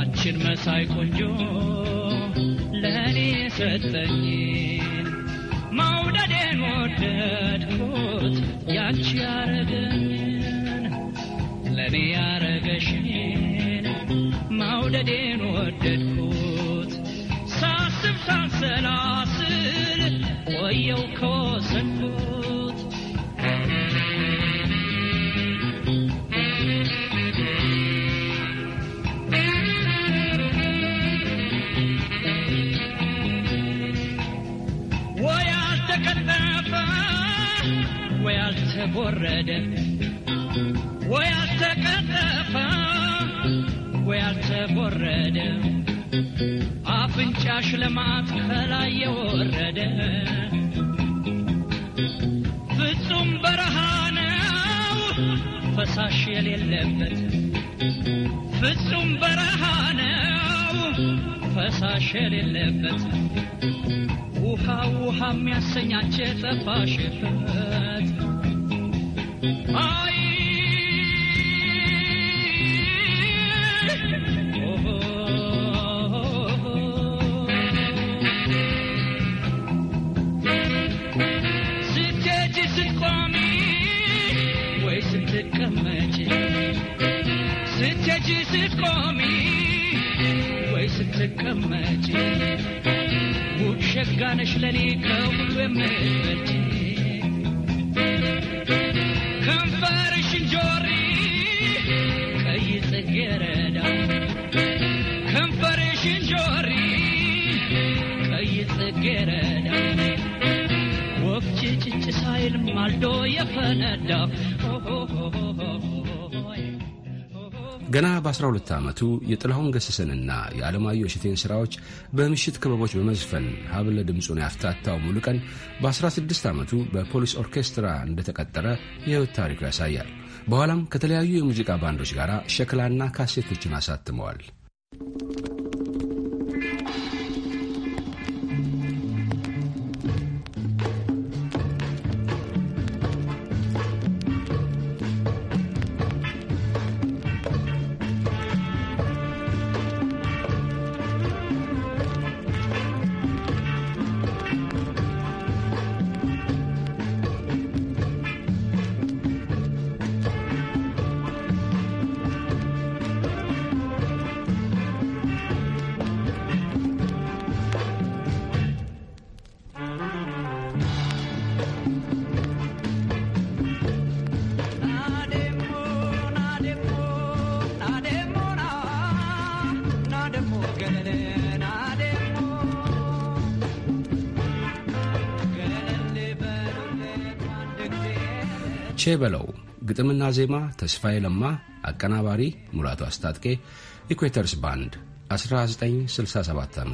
አንቺን መሳይ ቆንጆ ለእኔ ሰጠኝ መውደዴን ወደድኩት ያንቺ ያረገኝ በቤ ያረገሽን መውደዴን ወደድኩት ሳስብ ሳንሰላስል ቆየው ከወሰንኩት ወይ አልተቀጠፈ ወይ አልተቦረደ ወይ አልተቀጠፈ ወይ አልተቦረደ አፍንጫሽ ልማት ከላይ የወረደ ፍጹም በረሃ ነው ፈሳሽ የሌለበት ፍጹም በረሃ ነው ፈሳሽ የሌለበት ውሃ ውሃ የሚያሰኛች የጠፋሽበት ቆሚ ወይ ስትቀመጪ ውብ ሸጋነሽ ለኔ ከሁሉ የምትበልጪ ከንፈርሽን ጆሪ ቀይ ጽጌረዳ ከንፈርሽን ጆሪ ቀይ ጽጌረዳ ወፍጭ ጭጭ ሳይል ማልዶ የፈነዳ ገና በ12 ዓመቱ የጥላሁን ገሰሰንና የዓለማየሁ እሸቴን ሥራዎች በምሽት ክበቦች በመዝፈን ሀብለ ድምፁን ያፍታታው ሙሉቀን በ16 ዓመቱ በፖሊስ ኦርኬስትራ እንደተቀጠረ የሕይወት ታሪኩ ያሳያል። በኋላም ከተለያዩ የሙዚቃ ባንዶች ጋር ሸክላና ካሴቶችን አሳትመዋል። ቼ በለው ግጥምና ዜማ ተስፋዬ ለማ፣ አቀናባሪ ሙላቱ አስታጥቄ፣ ኢኩዌተርስ ባንድ 1967 ዓ ም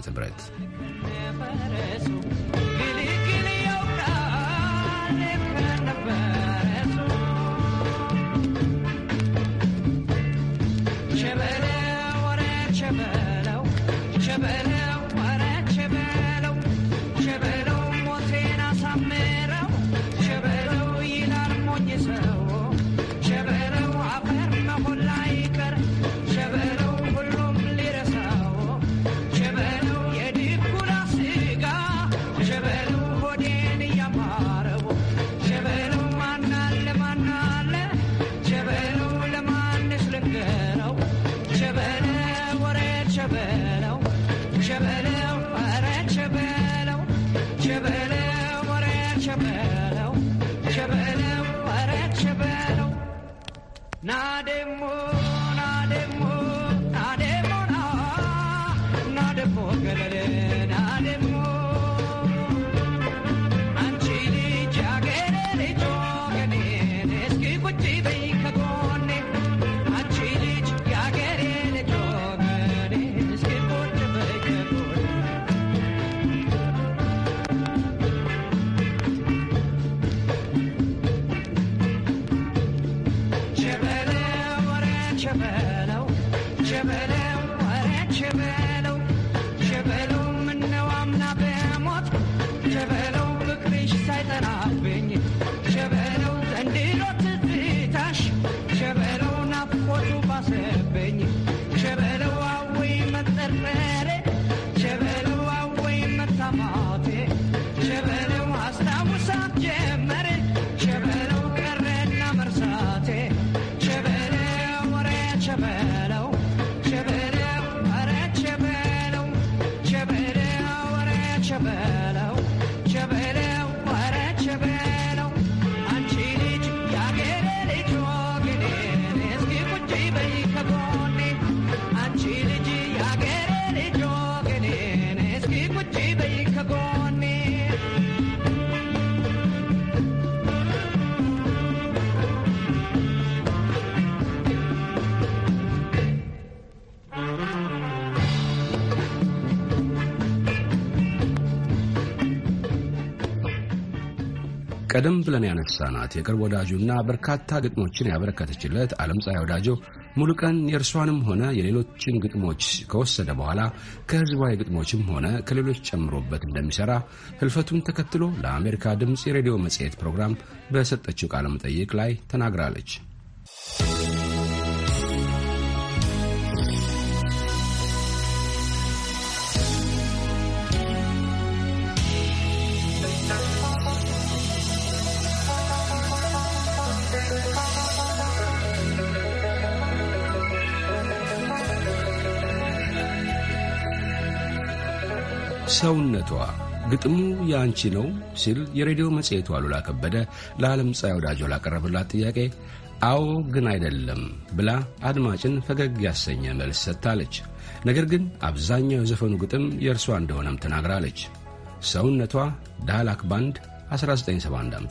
ቀደም ብለን ያነሳናት የቅርብ ወዳጁና በርካታ ግጥሞችን ያበረከተችለት ዓለምፀሐይ ወዳጆ ሙሉቀን የእርሷንም ሆነ የሌሎችን ግጥሞች ከወሰደ በኋላ ከህዝባዊ ግጥሞችም ሆነ ከሌሎች ጨምሮበት እንደሚሠራ ህልፈቱን ተከትሎ ለአሜሪካ ድምፅ የሬዲዮ መጽሔት ፕሮግራም በሰጠችው ቃለ መጠይቅ ላይ ተናግራለች። ሰውነቷ ግጥሙ የአንቺ ነው ሲል የሬዲዮ መጽሔቱ አሉላ ከበደ ለዓለም ፀሐይ ወዳጆ ላቀረበላት ጥያቄ አዎ ግን አይደለም ብላ አድማጭን ፈገግ ያሰኘ መልስ ሰጥታለች። ነገር ግን አብዛኛው የዘፈኑ ግጥም የእርሷ እንደሆነም ተናግራለች። ሰውነቷ ዳህላክ ባንድ 1971 ዓ.ም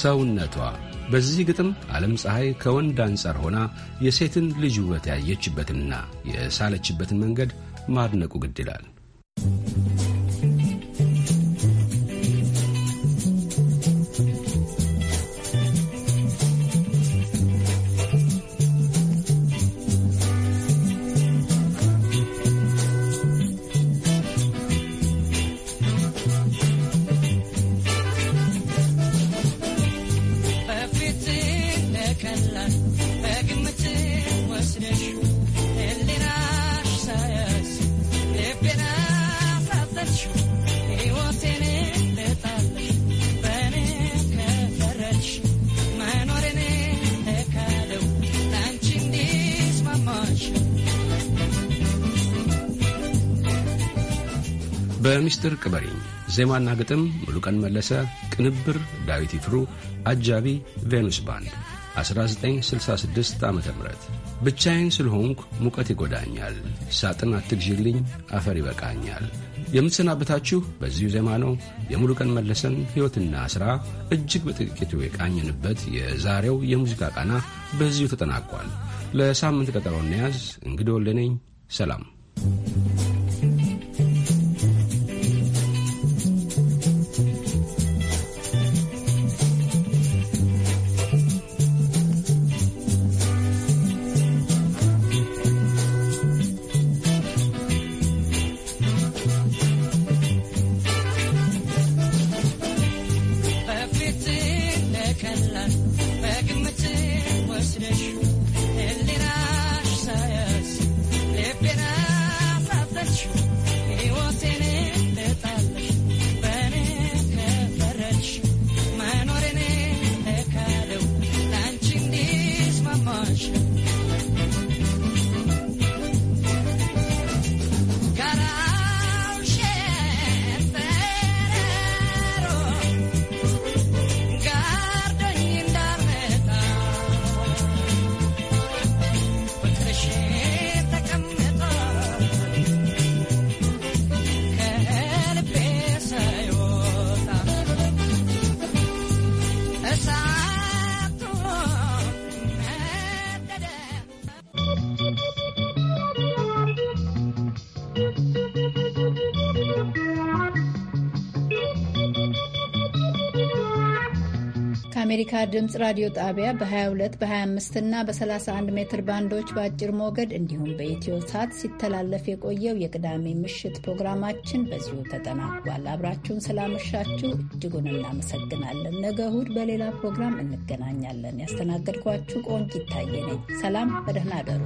ሰውነቷ በዚህ ግጥም ዓለም ፀሐይ ከወንድ አንጻር ሆና የሴትን ልጅ ውበት ያየችበትንና የሳለችበትን መንገድ ማድነቁ ግድ ይላል። ዘወትር ቅበሪኝ። ዜማና ግጥም ሙሉቀን መለሰ፣ ቅንብር ዳዊት ይፍሩ፣ አጃቢ ቬኑስ ባንድ 1966 ዓ ም ብቻዬን ስለሆንኩ ሙቀት ይጎዳኛል፣ ሳጥን አትግዢልኝ፣ አፈር ይበቃኛል። የምትሰናበታችሁ በዚሁ ዜማ ነው። የሙሉቀን መለሰን ሕይወትና ሥራ እጅግ በጥቂቱ የቃኘንበት የዛሬው የሙዚቃ ቃና በዚሁ ተጠናቋል። ለሳምንት ቀጠሮ እንያዝ። እንግዲህ ወለነኝ ሰላም ድምፅ ራዲዮ ጣቢያ በ22 በ25 እና በ31 ሜትር ባንዶች በአጭር ሞገድ እንዲሁም በኢትዮ ሳት ሲተላለፍ የቆየው የቅዳሜ ምሽት ፕሮግራማችን በዚሁ ተጠናቋል። አብራችሁን ስላመሻችሁ እጅጉን እናመሰግናለን። ነገ እሁድ በሌላ ፕሮግራም እንገናኛለን። ያስተናገድኳችሁ ቆንጅ ይታየ ነኝ። ሰላም፣ በደህና አደሩ።